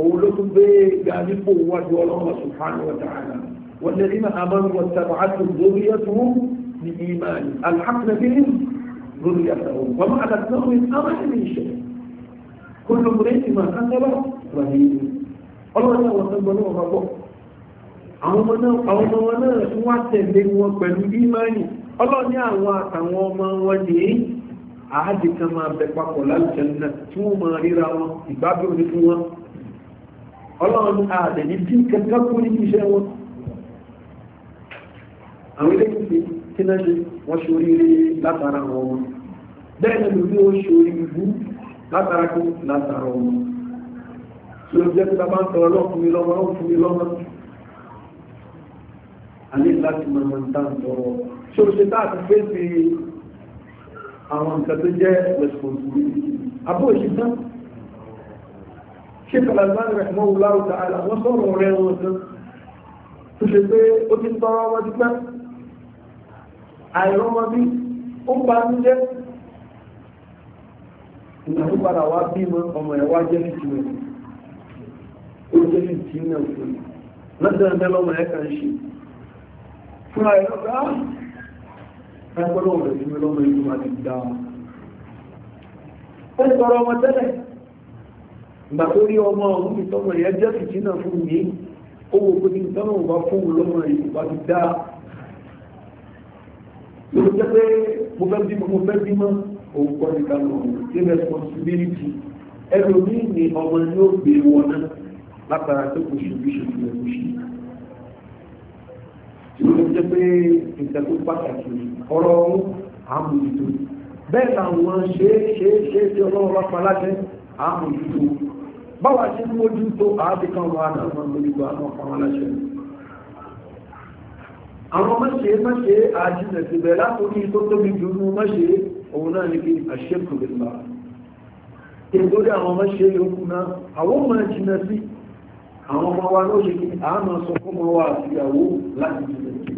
òun ló tún gbé ga nípò wájú ọlọ́run subhanahu wa ta'ala والذين آمنوا واتبعتهم ذريتهم بإيمان الحقنا بهم ذريتهم وما ألتناهم من أمر من شيء كل امرئ ما كسب رهين ọlọ́run náà wọ́n tó gbọ́ náà àwọn ọmọ wọn náà tún wá tẹ̀lé wọn pẹ̀lú ìmánì ọlọ́run ní àwọn àtàwọn ọmọ wọn ní àádì kan máa bẹ papọ̀ láwùjọ náà tí wọ́n máa ríra wọn ìgbàgbé òní fún wọn ọlọ́run ní àdè ní bí kankan kú nínú iṣẹ́ ló jẹ́ tí bàbá ń tọrọ lọ́kùnrin lọ́mọ ọkùnrin lọ́mọ alẹ́ láti mọ̀mọ́ dá ń tọrọ ṣe o ṣe tá àti fèsì àwọn nǹkan tó jẹ́ responsibility abó òṣìṣẹ́ ṣe kàlàzán rẹ̀ mọ́ wùláwù tààlà wọ́n sọ̀rọ̀ rẹ̀ wọn kan tó ṣe pé ó ti ń tọrọ ti pẹ́ àìrọ́mọbí ó ń ba jẹ́ ìgbà tó padà wá ọmọ ẹ̀ jẹ́ fìtìmọ̀ ó jẹ́ ní tí náà fún lọ́dọ̀ọ́dọ́ ṣe fún àìlọ́gbà ẹgbọ́lọ́ rẹ̀ fún lọ́mọ ìlú wa ti dá ó sọ̀rọ̀ ọmọ tẹ́lẹ̀ ìgbà tó rí ọmọ ọ̀hún mi tọ́mọ yẹn jẹ́ sì tí náà fún mi ó wo pé kí n tọ́mọ wà fún lọ́mọ ìlú wa ti dá ló jẹ́ pé mo fẹ́ bímọ mo fẹ́ bímọ òun kọ́ ní kánú ọ̀hún ṣe responsibility ni ọmọ gbé wọn náà látara tó kò ṣe bí ṣe fi ẹ̀kú ṣe tí ó jẹ́ pé nǹkan tó pàtàkì ọ̀rọ̀ ọ̀hún àmójútó bẹ́ẹ̀ làwọn ṣe ṣe ṣe tí ọlọ́run bá paláṣẹ àmójútó báwa ṣe ń mójútó àádìkan wà náà wọn mójútó àwọn ọ̀pọ̀ aláṣẹ àwọn mọ́ṣe mọ́ṣe àjìnà ti bẹ̀rẹ̀ látòrí tó tóbi jù ní mọ́ṣe òun náà ní kí àṣẹ́kù lè gbà èdórí àwọn mọ́ṣe yòókù náà àwọn mọ́ jìnà sí àwọn ọmọ wa ló ṣe kí àmà sọ fún ọmọ wa àti ìyàwó láti jùlọ sí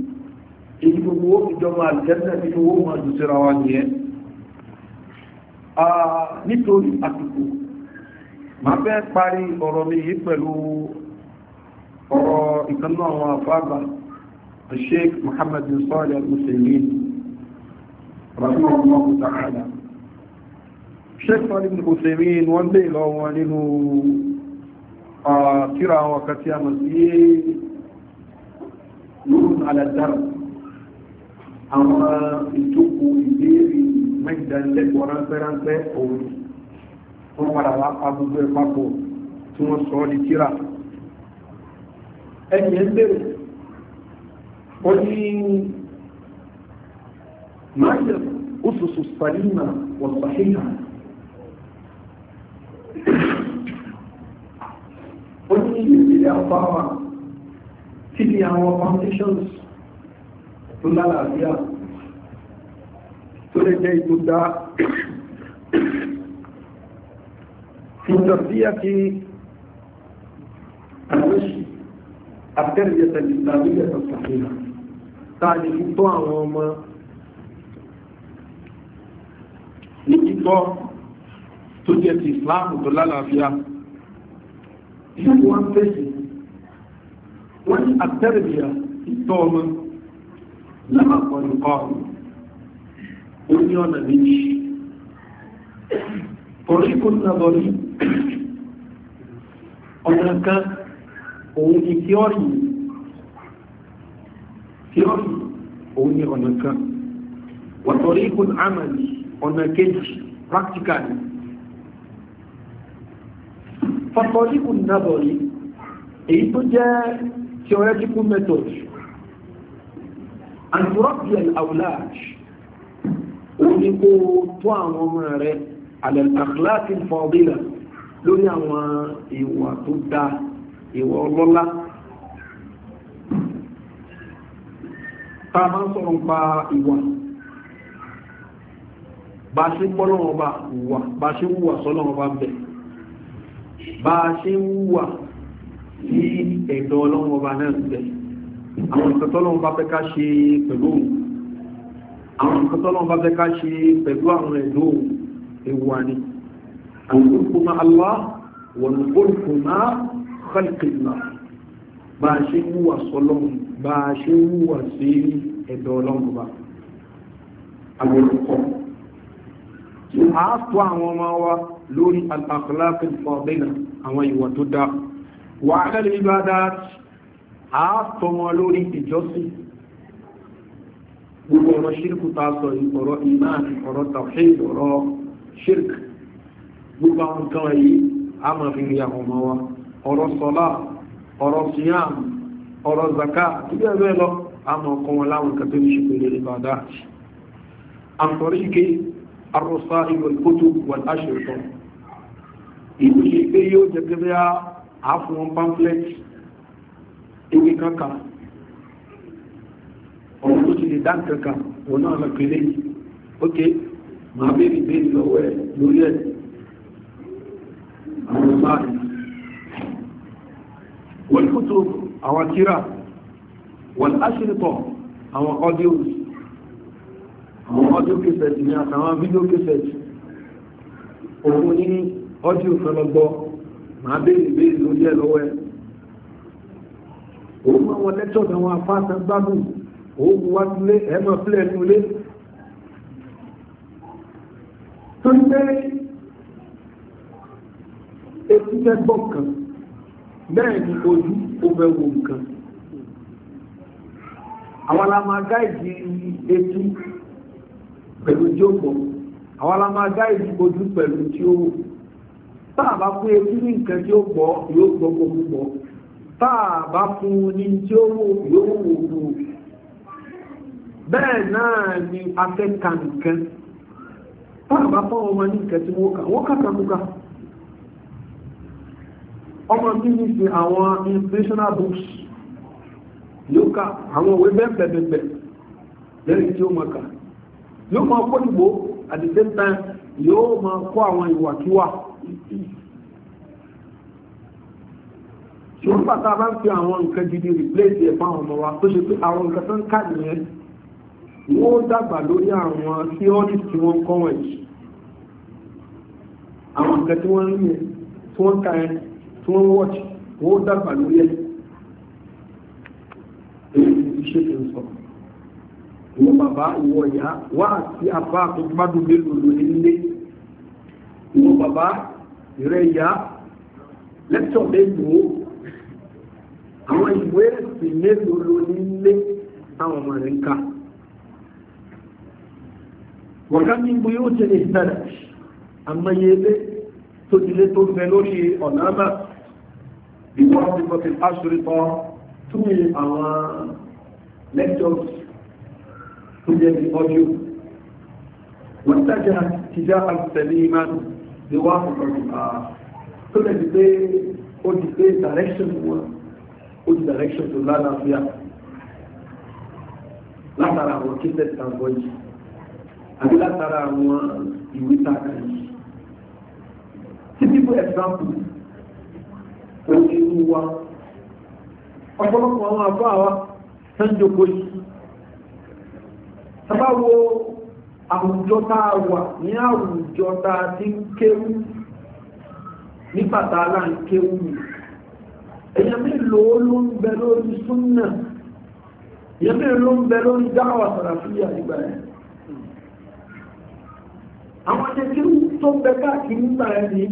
èyí gbogbo ó fi jọmọ àjẹ́sẹ̀ nínú owó máa jù síra wa nìyẹn nítorí àsìkò máa fẹ́ parí ọ̀rọ̀ mi yìí pẹ̀lú ọ̀rọ̀ ìkanú àwọn àfáàgbà Sheikh Muhammad bin Salih al-Muslimin rahimahullah ta'ala Sheikh wọ́n dé lọ nínú kíra àwọn ọ̀kan tí a mọ̀ sí lóòrùn aládára àwọn ìjókòó ìbéèrè mẹ́jìdánilẹ́kọ̀ọ́ ránpẹ́ránpẹ́ òun wọ́n padà wá pa gbogbo ẹ̀ papọ̀ tí wọ́n sọ ọ́ kíra ẹni ẹ̀ ń ó ní máa oṣooṣù sàlìmà wọ̀sàhìnà ìrìnlẹ̀ àpáwà tí ni àwọn foundations tó lálàáfíà tó lè jẹ́ ìtò dá fìtàbíyà kí àlọ́ṣì àtẹ́rìyẹta ìsìláwíyà tàbíyà táà ní tó àwọn ọmọ ní kíkọ́ tó jẹ́ ti ìsìláàmù tó lálàáfíà ṣùgbọ́n wọ́n fèsì wọ́n ní àtẹ́rẹ̀bíà ìtọ́ ọmọ lábàpọ̀ nǹkan ó ní ọ̀nà méjì ọ̀ríkò nàbọ̀rí ọ̀nà kan òun ni tíọ́rì tíọ́rì òun ni ọ̀nà kan wàtọ̀ríkò àmàlì ọ̀nà kejì practically fakọ́líkù nàbọ̀rí èyí tó jẹ́ theoretical method and european outlash ó ní kó tó àwọn ọmọ rẹ̀ alẹ́lẹ́kláàkì fọ́ọ̀bílà lórí àwọn ìwà tó dá ìwà ọlọ́lá ta máa ń sọ̀rọ̀ pa ìwà bá ṣe pọ́lọ́wọ́ bá wà bá ṣe wùwà sọ́lọ́wọ́ bá bẹ̀rẹ̀ bá a ṣe ń wà ní ẹ̀dọ̀ ọlọ́run ọba náà ń bẹ̀ àwọn nǹkan tọ́lọ́run bá fẹ́ ká ṣe pẹ̀lú òun àwọn nǹkan tọ́lọ́run bá fẹ́ ká ṣe pẹ̀lú àwọn ẹ̀dọ̀ òun ewu wa ni àlùkò máa Allah wọ̀n olùkò máa bá a ṣe ń wúwà sọlọ́run bá a ṣe ń wúwà sí ẹ̀dọ̀ ọlọ́run ọba àwọn olùkọ́ a tó àwọn ọmọ wa lórí al-akhlaq al-fadila àwọn ìwà tó dá wà alẹ́ ibadat àátọ́ wọn lórí ìjọsìn gbogbo ọ̀rọ̀ ṣírkù ta sọ ọ̀rọ̀ iman ọ̀rọ̀ tawhid ọ̀rọ̀ ṣírk gbogbo àwọn nǹkan yìí a máa fi rí àwọn arúsáì olùkótó wọn aṣèṣọ ìlú ṣe pé yóò jẹ́ pé bíá àáfún wọn pamphlet ewé kankan ọ̀rọ̀ tó ti lè dá kankan wọn náà lọ pèlè ok màá béèrè béèrè lọ́wọ́ ẹ̀ lórí ẹ̀ arúsáì olùkótó àwọn kíra wọn aṣèṣọ àwọn audios àwọn ọdún kẹsẹ̀tì ní àtàwọn fídíò kẹsẹ̀tì òun ní ọdún ìfẹ́lọ́gbọ́ máa béèrè béèrè lórí ẹ̀ lọ́wọ́ ẹ̀ òun máa wọn lẹ́tọ̀ àwọn afáàtà gbádùn òun wá sílé ẹ̀mọ̀ sílẹ̀ nílé tó ń pé etí gbọ́ kan bẹ́ẹ̀ ni ojú ó nǹkan àwọn la gáìdì etí pẹ̀lú jókòó àwọn la máa dá ìdíbojú pẹ̀lú tí ó wù táà bá fún etí ní nǹkan tí ó gbọ́ yóò gbọ́ gbogbo táà bá fún ní tí ó wù yóò wù wù bẹ́ẹ̀ náà ni afẹ́ka nǹkan táà bá fún ọmọ ní nǹkan tí wọ́n kà wọ́n kàkàkùkà ọmọ mi ní sí àwọn inspirational books yóò ka àwọn òwe bẹ́ẹ̀ bẹ́ẹ̀ bẹ́ẹ̀ lẹ́yìn tí ó mọ̀ kà yóò máa kó ìgbò at the same time yóò máa kó àwọn ìwàkiwà ṣùgbọ́n pàtó a bá ń fi àwọn nǹkan gidi replace ẹ̀ fáwọn ọmọ wa tó ṣe pé àwọn nǹkan tó ń kà nìyẹn wọ́n dàgbà lórí àwọn theory tí wọ́n kọ́ wọ̀nyí àwọn nǹkan tí wọ́n ń rí yẹn tí wọ́n ka yẹn tí wọ́n wọ́ọ̀tì wọ́n dàgbà lórí ẹ̀ èyí ti ṣe kí n sọ̀rọ̀ ìwọ bàbá ìwọ ìyá wá àti àbá àtọ́gbádùn mélòó lò nílé ìwọ bàbá ìrẹ́ ìyá lẹ́tọ̀ mélòó àwọn ìwé ẹ̀sìn mélòó lò nílé táwọn ọmọ rẹ̀ ń kà wọ̀ká ní ibu yóò tẹ̀lé ìtẹ̀lẹ̀ àmọ́yẹlé tó tilé tó mẹ lórí ọ̀nà àmà ìwọ àwọn ìbọ̀tẹ̀ pásítọ̀ tún àwọn lectures tó jẹ́ bí ọjọ́ wọ́n tàjá tìjá àtẹ̀lé ìmá lè wá ọ̀rọ̀ tó lè di pé ó di pé direction wọn ó di direction tó lálàáfíà látara àwọn kíkẹ́ tàbọ̀ yìí àbí látara àwọn ìwé tàkà yìí òun ni wa ọ̀pọ̀lọpọ̀ àwọn àbá wa sanjoko yìí sábà wo àwùjọ tá a wà ní àwùjọ tá a ti ń kéwú nígbà tá a là ń kéwú yìí èèyàn mélòó ló ń bẹ lórí súnnà èèyàn mélòó ló ń bẹ lórí dáwà sàràfíà nígbà yẹn àwọn kékeré tó ń bẹ káàkiri nígbà yẹn ni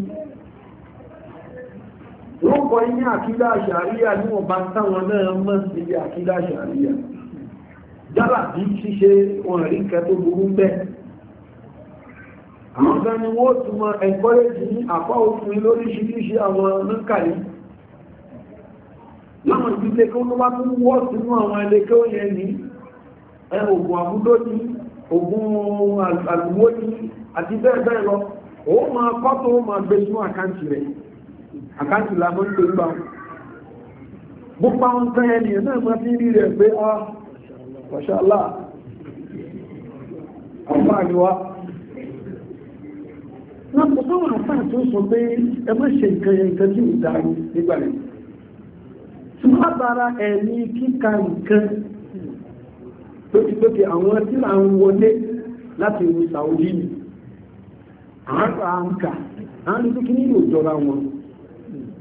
wọ́n kọ́ iní àkídá àṣàríyà níwọ̀n bá táwọn náà mọ́ sí ilé àkídá àṣàríyà yálà bí ṣíṣe wọn rí nǹkan tó burú bẹ́ẹ̀ àwọn ọ̀gá ni wọ́n tún mọ ẹ̀kọ́rẹ́jì ní àpá òfin lóríṣiríṣi àwọn nǹkàlí láwọn ìdílé kí wọ́n bá tún wọ́ sínú àwọn ilé kí ó yẹ ní oògùn àbúdó ní oògùn àlùwó ní àti bẹ́ẹ̀ bẹ́ẹ̀ lọ ó máa kọ́ tó gbé sínú àkáǹtì rẹ̀ àkáǹtì làmọ́ ń ń gbà gbogbo àwọn nǹkan ẹni náà máa fi rí rẹ̀ pé ọ́ ah, mọ̀ṣálá àfáà ni wá náà kò sáwọn àfáà tó sọ pé ẹ má ṣe nǹkan yẹn nǹkan tí ò dáru nígbà rẹ̀ tí wọ́n bára ẹ̀mí kíka nǹkan tó àwọn tí là ń wọlé láti ìlú Saudi ni à ń pa àǹkà à ń dúkìá ní ìjọra wọn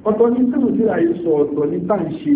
ọ̀tọ̀ ní sáwọn tí là ń sọ ọ̀tọ̀ ní bá ń ṣe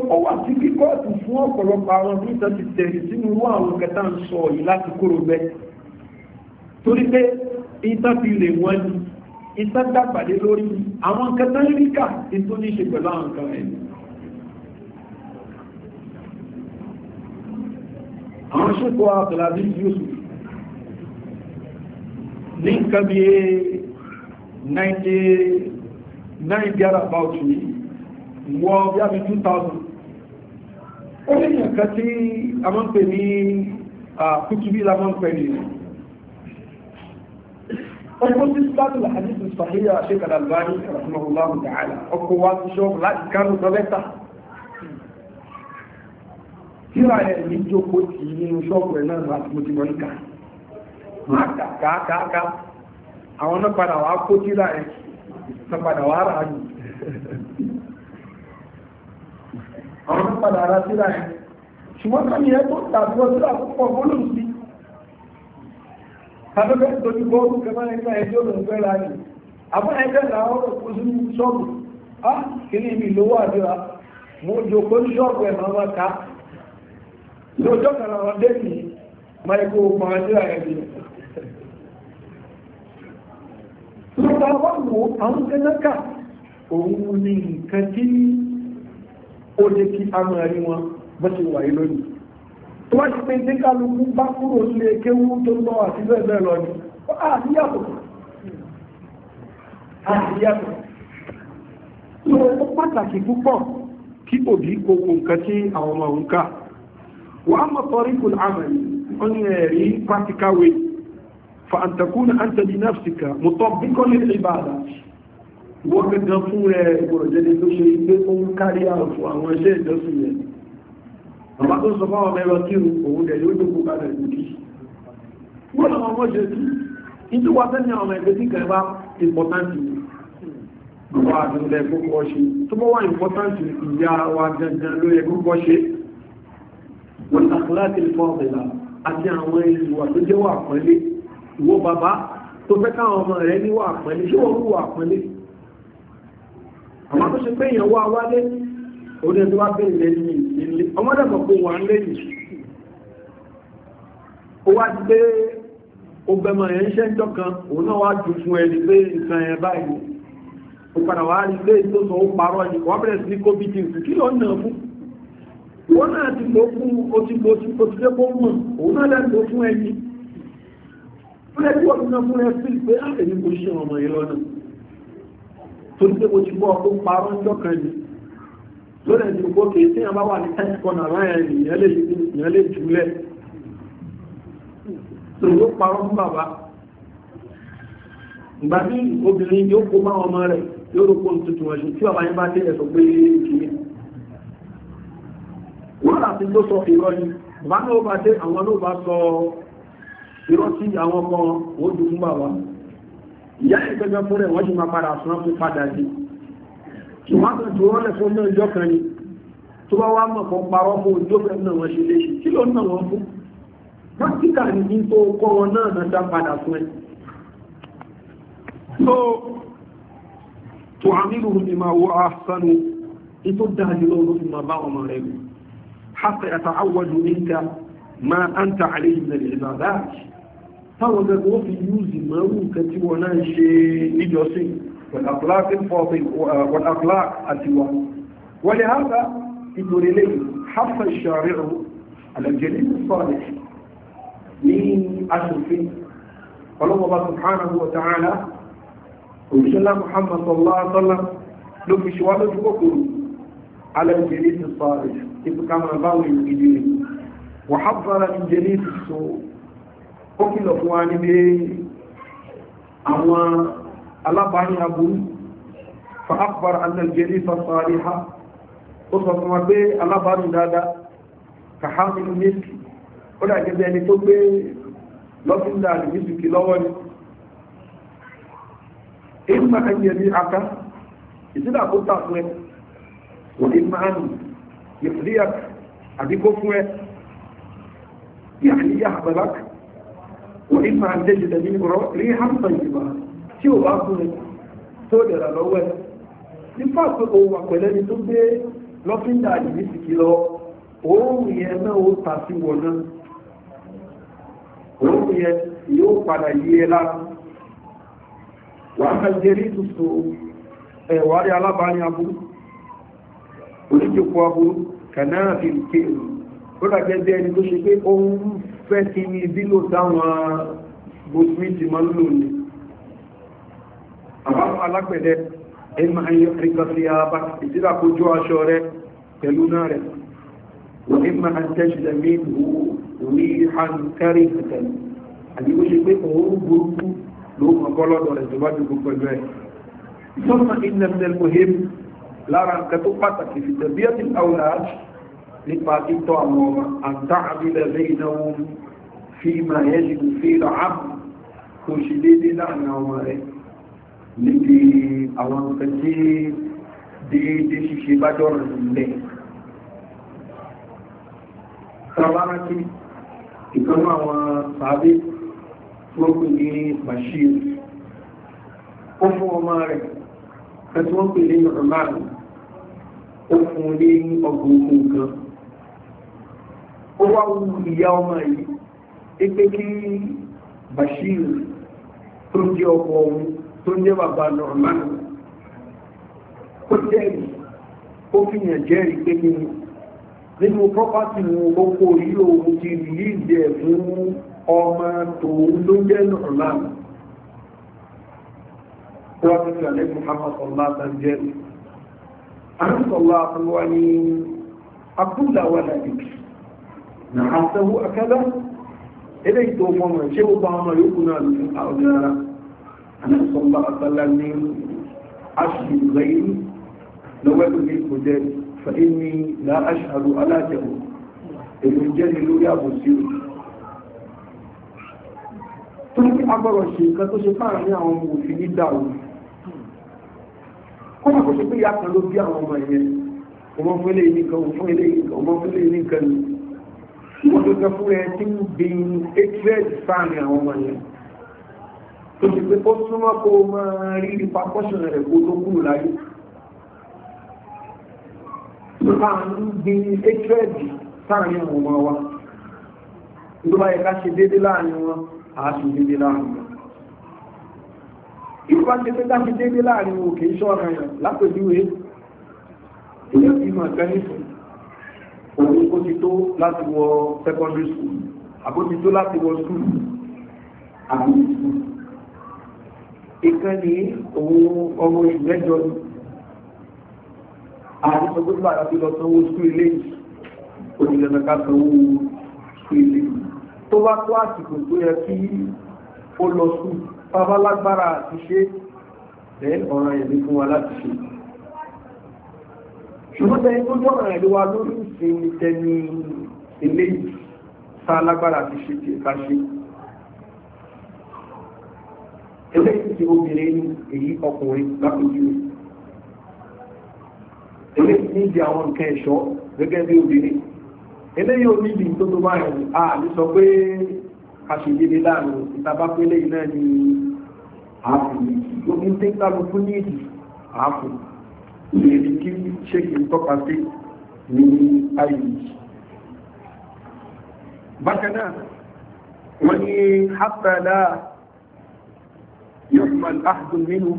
so ọwọ́ àti kíkọ́ọ̀tù fún ọ̀pọ̀lọpọ̀ àwọn tó ń tẹ́tí tẹ̀lé sínú irú àwọn kẹta ń sọ yìí láti kóró bẹ́ẹ̀ torí pé ìtàn ti lè wọ́n ni ìtàn dàgbàdé lórí àwọn kẹta ń ríkà ètò ní ṣe pẹ̀lú àwọn kan rẹ̀ àwọn ṣètò àbẹ̀lábí Yusuf ní nǹkan bí i 99 garabout yìí wọ́n bí i 2000 ó ní nǹkan tí a máa ń pè ní kútubí la máa ń pè ní ọkọ̀ sí sátú àdìsí sàhíyà ṣékàdà báyìí rahimahullahu ta'ala ọkọ̀ wa ti ṣọ́ọ̀bù láti kánú sọ́lẹ́ta tíra ẹ̀ ní jókòó tì í nínú ṣọ́ọ̀bù ẹ̀ náà láti mo ti mọ̀ níkà máa àwọn tó padà ara síra ẹ̀ ṣùgbọ́n kámi ẹ tó tàbí wọ́n síra púpọ̀ bólú sí tàbíkẹ́ tó ti bọ́ orú kẹfà ẹgbẹ́ ẹjọ́ ló ń fẹ́ ra ni àbọ̀ ẹgbẹ́ làwọn ọ̀rọ̀ kó sínú ṣọ́ọ̀bù á kìíní mi lówó àdúrà mo jòkó ní ṣọ́ọ̀bù ẹ̀ máa máa ta lóòjọ́ kan àwọn dé mi máa kó máa ẹ̀ bí lọ́pàá wà wò àwọn kẹ́nẹ́kà ó jẹ́ kí a máa rí wọn bó ti wà lónìí tó wá ti pé ní kálukú bá kúrò nílé kéwú tó lọ àti bẹ́ẹ̀ bẹ́ẹ̀ lọ ni àníyàtọ̀ àníyàtọ̀ tó ó pàtàkì púpọ̀ kí òbí gbogbo nǹkan tí àwọn ọmọ òun ká wà á mọ̀ sọ́rí kùn àmàlì wọ́n ní ẹ̀rí practical fa àǹtàkùn àǹtàdínàfsìkà mọ̀tọ́ bíkọ́ nílé ìbàdàn wọ́n gẹ́gẹ́ fún rẹ̀ ìgbòròjẹ́ni tó ṣe pé ó kárí àrùfù àwọn iṣẹ́ ìjọsìn yẹn bàbá tó sọ fáwọn mẹ́rọ kí òun rẹ̀ yóò jókòó kalẹ̀ lòdì wọ́n lọ́wọ́ wọ́n ṣe sí ìtú wa fẹ́ àwọn ẹgbẹ́ tí kẹ́ bá ìpọ̀táǹtì bàbá àdúgbò ṣe tó bọ́ wá ìpọ̀táǹtì ìyá wa gangan ló yẹ ṣe wọ́n tàkùlá tó fẹ́ káwọn ọmọ rẹ̀ níwà pẹ́lẹ́ ṣé wọ́n wà àmọ́ tó ṣe pé èèyàn wá wálé orí ẹni wá bẹ́ẹ̀ lẹ́yìn ilé ọmọdé mọ̀ pé wọ́n á lẹ́yìn ó wá ti pé ọgbẹ̀mọ̀ ẹ̀ ń ṣe ń jọ́kan òun náà wá jù fún ẹni pé nǹkan ẹ̀ báyìí ó padà wá rí ilé tó sọ ó parọ́ ni wọ́n bẹ̀rẹ̀ sí covid fún kí ló ń fún wọ́n náà ti gbó fún otìgbò tí ó ti mọ̀ òun náà lẹ́gbó fún ẹni fún ẹgbẹ́ òun fún ẹ pé á èmi kò ṣe ọmọ yìí lọ́nà torí pé mo ti gbọ́ ọ tó parọ́ ń jọ́kan ni lórí ẹ̀sìn gbogbo kìí tí àbá wà ní tẹ́sí kọ́nà ráyẹ̀ lè jùlẹ̀ tó parọ́ fún bàbá ìgbà tí obìnrin yóò kó máa ọmọ rẹ̀ yóò rò pọ̀ tuntun ẹ̀sùn tí bàbá yẹn bá dé ẹ̀sọ̀ pé kìí wọ́n láti ló sọ ìrọ́ ni bàbá náà bá àwọn náà bá sọ ìrọ́ sí àwọn ọmọ fún bàbá ìyá ìgbẹ́gbẹ́ fún rẹ̀ wọ́n ti máa padà sán fún padà sí ṣùgbọ́n tó wọ́n lẹ̀ fún náà ìjọ kan ni tó bá wá mọ̀ kan parọ́ fún ìjọ kan náà wọ́n ṣe lé ṣe kí ló ń náà wọ́n fún pásítà ní kí tó kọ́ wọn náà náà dá padà fún ẹ so tó àmìlù ní máa wọ àṣánu ètò dájú lọ́wọ́ fi máa bá ọmọ rẹ̀ lù hasa yàtà awọ́dù níta máa ń ta àlejò táwọn gẹ́gẹ́ wọ́n fi yúùsì mọ́rù nǹkan tí wọ́n náà ṣe níjọsìn wọ̀nàkùlá àti wà wọ́n lè hábà ìtòrí lẹ́yìn hafa ṣàríọ̀ alàjẹ́lẹ́ sọ́ọ̀lẹ̀ ní aṣòfin ọlọ́mọba subhanahu wa ta'ala òṣèlá muhammad sallallahu alaihi wa sallam ló fi ṣe wá lójú kòkòrò alàjẹ́lẹ́ sọ́ọ̀lẹ̀ ìfikàmọ̀ báwọn ìdílé wàhábàrà ó kìlọ̀ fún wa níbi àwọn alábáyìn aburú fa'akbar annalgeri fasari ha ó sọ fún wa pé alábáyìn dáadáa ka hamilu méjì ó dà gẹ́gẹ́ ẹni tó gbé lọ́fíńdà àdìmísìkì lọ́wọ́ ni ìmọ̀ ẹ̀yẹ̀ ní aka ìsìlá kó tà fún ẹ wọ́n ìmọ̀ àmì yẹ̀fìlíyà àdíkó fún ẹ yàní àbẹ̀lákì وإما أن تجد منه ريحا طيبة tí ò bá fún ni tó dẹ̀rà lọ́wọ́ ẹ̀ nípa pé o wà pẹ̀lẹ́ ni tó gbé lọ́fíńdà yìí sì kí lọ òórùn yẹn náà ó ta sí wọn náà òórùn yẹn yóò padà yí ẹ lára wà á fẹ́ rí tuntun ẹ̀wà rí alábàárín aburú oníjòkó aburú kànáà fi kéèrò ó dàgẹ́ bí ẹni tó ṣe pé ó ń fẹ́ kí ní ìdílò táwọn bosmith ma ń lò ní àbáwọn alápẹ̀lẹ́ ẹmà ayọ́ ríkàfí àbá ìsílà kó jọ aṣọ rẹ pẹ̀lú náà rẹ̀ ẹmà àtẹ́ṣìlẹ̀ mẹ́rin orí àǹkárí ìpẹ̀tẹ̀ àdíwó ṣe nípa títọ́ àwọn ọmọ àtàbílẹ̀ lẹ́ìnáwó fi ma yẹ́jù fi rà áàbù kò ṣe dédé láàrin ọmọ rẹ̀ níbi àwọn nǹkan tí déédé ṣíṣe bá jọ́rọ̀ nílẹ̀ sábárákí ìkanú àwọn sàábé tó pè ní bashir ó fún ọmọ rẹ̀ ẹ̀tí wọ́n pè ní yorùbá ó fún ní ọgbọ̀n nǹkan ó wá wu ìyá ọmọ yìí ipé kí Bashir tó jẹ́ ọkọ òun tó jẹ́ bàbá Norman ó jẹ́rìí ó fi yàn jẹ́rìí pé kí nínú pọ́pátì wọn oko yìí òun ti rìlíìsì ẹ̀ fún ọmọ tòun ló jẹ́ Norman wọ́n ti alẹ́ muhammad sallá jẹ́ àrùsọ̀lá àtàwà ní abúlà wà nàásẹ́wó akẹ́lá ilé ìtò ọmọ ṣe ó bá ọmọ yóò kúrò àlùkù àwọn ará anásọ́mbà àtàlá ní aṣùgbẹ́yìn lọ́wọ́dún ní kò jẹ́ fẹ́ẹ́ ní láàṣàrò alájẹ̀wò èlò jẹ́ ní lórí àbòsí tó ní agbọ́rọ̀ ṣe nǹkan tó ṣe fáàrin àwọn ọmọ òfin ní dáwò kọ́nà kò ṣe pé yàtọ̀ ló bí àwọn ọmọ ẹ̀yẹn ọmọ fún ilé ìníkan ọmọ fún ilé ìníkan ọmọ fún ilé ìníkan ni tí wọ́n tó sọ fún ẹ tí ń gbin hatred fáàmì àwọn ọmọ yẹn tó ti pé ó súnmọ́ kó o máa rí ipa pọ́ṣọ̀n rẹ̀ kó tó kúrò láyé nípa ń gbin hatred fáàmì àwọn ọmọ wa tó bá yẹ ká ṣe déédéé láàrin wọn àá ṣe déédéé láàrin wọn ìgbà tí pé ká ṣe déédéé láàrin wọn kì í ṣọ́ra yàn lápèjúwe ìyẹn bí màá kẹ́ nífẹ̀ẹ́ òun ó ti tó láti wọ secondary school àbó ti tó láti wọ school àbí school ìkan ní òun ọmọ oṣù mẹ́jọ ni àti sọ pé bàbá ti lọ sanwó school ilé òjìlẹ̀nà ká sanwó school ilé tó bá tó àsìkò tó yẹ kí ó lọ school bàbá lágbára àti ṣe ẹ̀ ọ̀ràn ẹ̀mí fún wa láti ṣe ṣùgbọ́n tẹni tó jọ́ ọ̀rọ̀ ìlú wa lórí ìsinmi tẹni eléyìí tá lágbára ti ṣe tí ká ṣe eléyìí ti obìnrin ní èyí ọkùnrin lápòjú eléyìí ní ìdí àwọn nǹkan ẹ̀ṣọ́ gẹ́gẹ́ bí obìnrin eléyìí omi ìdí tó tó báyìí a lè sọ pé ká ṣe dédé láàrin ìtabá pé eléyìí náà ni ààfin omi tí ń kálukú ní ìdí ààfin lèrí kí ṣékì tọ́pa sí ní ayé bákaná wọ́n ni hátàlá yọ́hmàl áhdùn nínú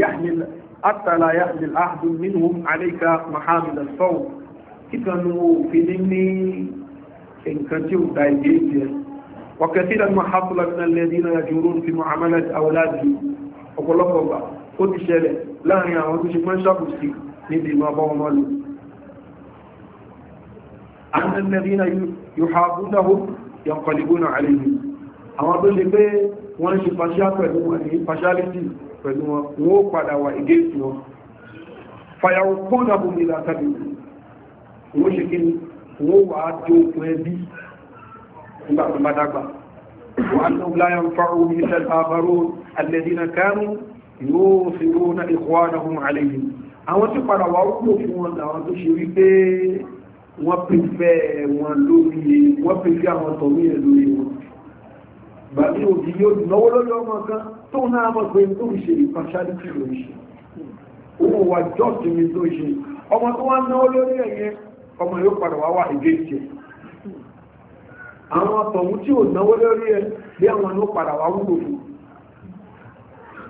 yáhmìl hátàlá yáhmìl áhdùn nínú àríkà mohamed al-sọ́wọ́ kíkanu òfin ní nǹkan tí ó dá ìgbé jẹ́ وكثيرا ما حصل من الذين يجورون في معاملة أولادهم أقول لكم ó ti ṣẹlẹ̀ láàrin àwọn tó ṣe pẹ́ ṣàkùsí níbi ìmọ̀ ọmọ ọmọ lò annalladhina yuhabunahum yanqalibuna alayhim àwọn tó ṣe pé wọ́n ṣe fàṣíà pẹ̀lú wọn ní fàṣálítì pẹ̀lú wọn wọ́n padà wà ìgéèsì wọn fàyàwó pọ́nà bùnmi látàbí wọ́n ṣe kí wọ́n wà á yóò fi rú náà ikhwanahum alayhim àwọn tí padà wà wúlò fún wọn làwọn tó ṣe wípé wọ́n pèfẹ́ wọn lórí wọ́n pèfẹ́ àwọn tọ̀mí ẹ̀ lórí wọn gbàgbé òbí yóò náwó lórí ọmọ kan tó náà mọ̀ pé tó ń ṣe ìfàṣálítì lórí ṣe owó wa jọ́ọ̀tì mi tó ṣe ọmọ tó wá náwó lórí ẹ̀yẹn ọmọ yóò padà wá wà ìgbé ìṣẹ́ àwọn tọ̀hún tí ò náwó lórí ẹ̀ bí àwọn ló padà wá wúlò fún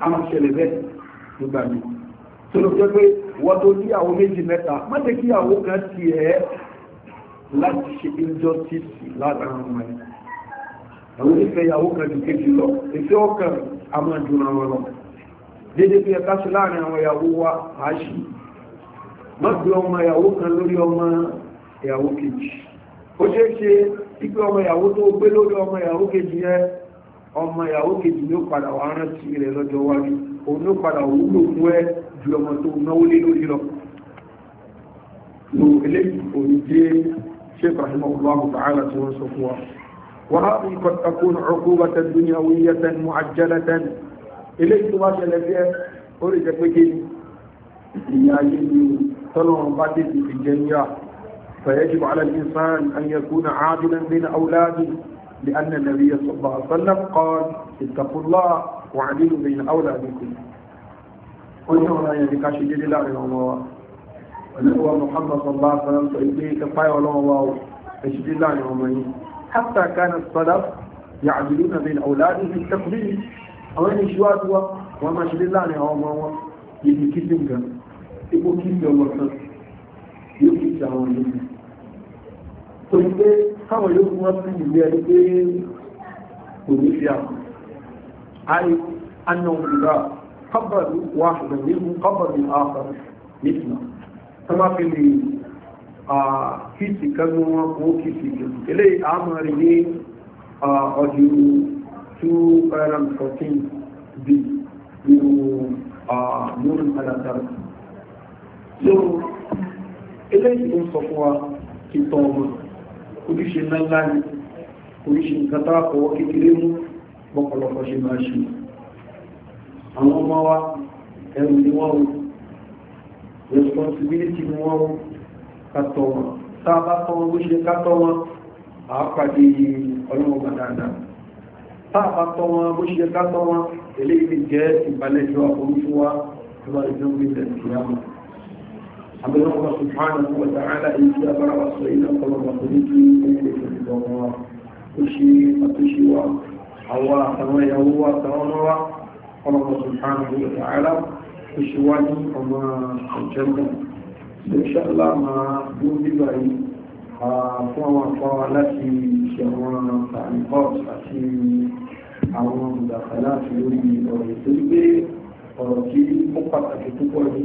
a máa ṣẹlẹ̀ bẹ́ẹ̀ nígbà mi tó ló jẹ́ pé wọ́n tó ní àwọn méjì mẹ́ta má jẹ́ kí àwọn kan ti ẹ̀ láti ṣe injustice lára wọn ẹ̀ àwọn onífẹ́ ìyàwó kan ju kejì lọ ìfẹ́ ọkàn a máa dùn àwọn lọ dédé fi ẹ̀ka ṣe láàrin àwọn ìyàwó wa àṣì má gbé ọmọ ìyàwó kan lórí ọmọ ìyàwó kejì ó ṣeé ṣe pípé ọmọ ìyàwó tó gbé lórí ọmọ ìyàwó kejì yẹn ọmọ ìyàwó kejì ló padà wà rántí rẹ̀ lọ́jọ́ wájú òun ló padà wúlò fún ẹ ju ọmọ tó náwó lé lórí lọ lo eléyìí òun jẹ́ ṣe fàhímọ̀ ọlọ́run tààlà tí wọ́n sọ fún wa وهذه قد تكون عقوبة دنيوية معجلة eléyìí tó bá ṣẹlẹ̀ bí ẹ ó lè jẹ́ pé kí ìyá ayé ni tọ́lọ́run bá tètè ìjẹniyà فيجب على الإنسان أن يكون عادلا بين أولاده لأن النبي صلى الله عليه وسلم قال اتقوا الله وعدلوا بين أولادكم قلنا يا بكاش جل الله الله ونبوى محمد صلى الله عليه وسلم سيدي كفاية الله تشجيل الله يومين حتى كان الصلف يعدلون بين أولادهم في التقديم أولين شواتوا وما شجيل الله يومين يدي كسم كان يبقى كسم يومين يبقى كسم يومين tó ń gbé káwọn yóò fún wọn sí ìlú ẹni pé kò ní fi àwọn àì anáwòrán kábàlù wà ṣùgbọ́n nínú kábàlù àfàrà nìtìmọ̀ tó bá fi lè kìsì kanú wọn kó kìsì jù ilé àmàrí ní ọdún 2014 bí nínú lórí alágbára so ilé ìgbóhùn sọ fún wa kìtọ́ ọmọ oríṣi ńláńlá ni oríṣi nǹkan tó àkọwọ́ kékeré mú pọ̀pọ̀lọpọ̀ ṣe máa ṣe àwọn ọmọ wa ẹrù ni wọ́n wò responsibility ni wọ́n wò kàtọ̀ wọn tá a bá tọ́ wọn bó ṣe kàtọ̀ wọn àá pàdé ọlọ́wọ́ bá dáadáa tá a bá tọ́ wọn bó ṣe kàtọ̀ wọn eléyìí jẹ́ ìbálẹ̀jọ́ àforífún wa tó bá lè gbé ìrẹ̀lẹ̀ àbẹ̀lọ́pọ̀ subhanahu wa ta'ala èyí tí a bára wà sọ ilẹ̀ ọ̀pọ̀lọpọ̀ torí kí ẹgbẹ́ ìfẹ̀lẹ̀ wọn ó ṣe àtúnṣe wa àwọn àtàwọn ìyàwó wa àtàwọn ọmọ wa ọlọ́pọ̀ subhanahu wa ta'ala ó ṣe wá ní ọmọ àjẹ́mọ̀ inshallah máa dún bíbá yìí fún àwọn àfọwà láti ṣe àwọn àìkọ́ọ̀tì àti àwọn ìdàkàlá àti lórí ọ̀rọ̀ ìtorí ọ̀rọ̀ tí ó pàtàkì púpọ̀ yìí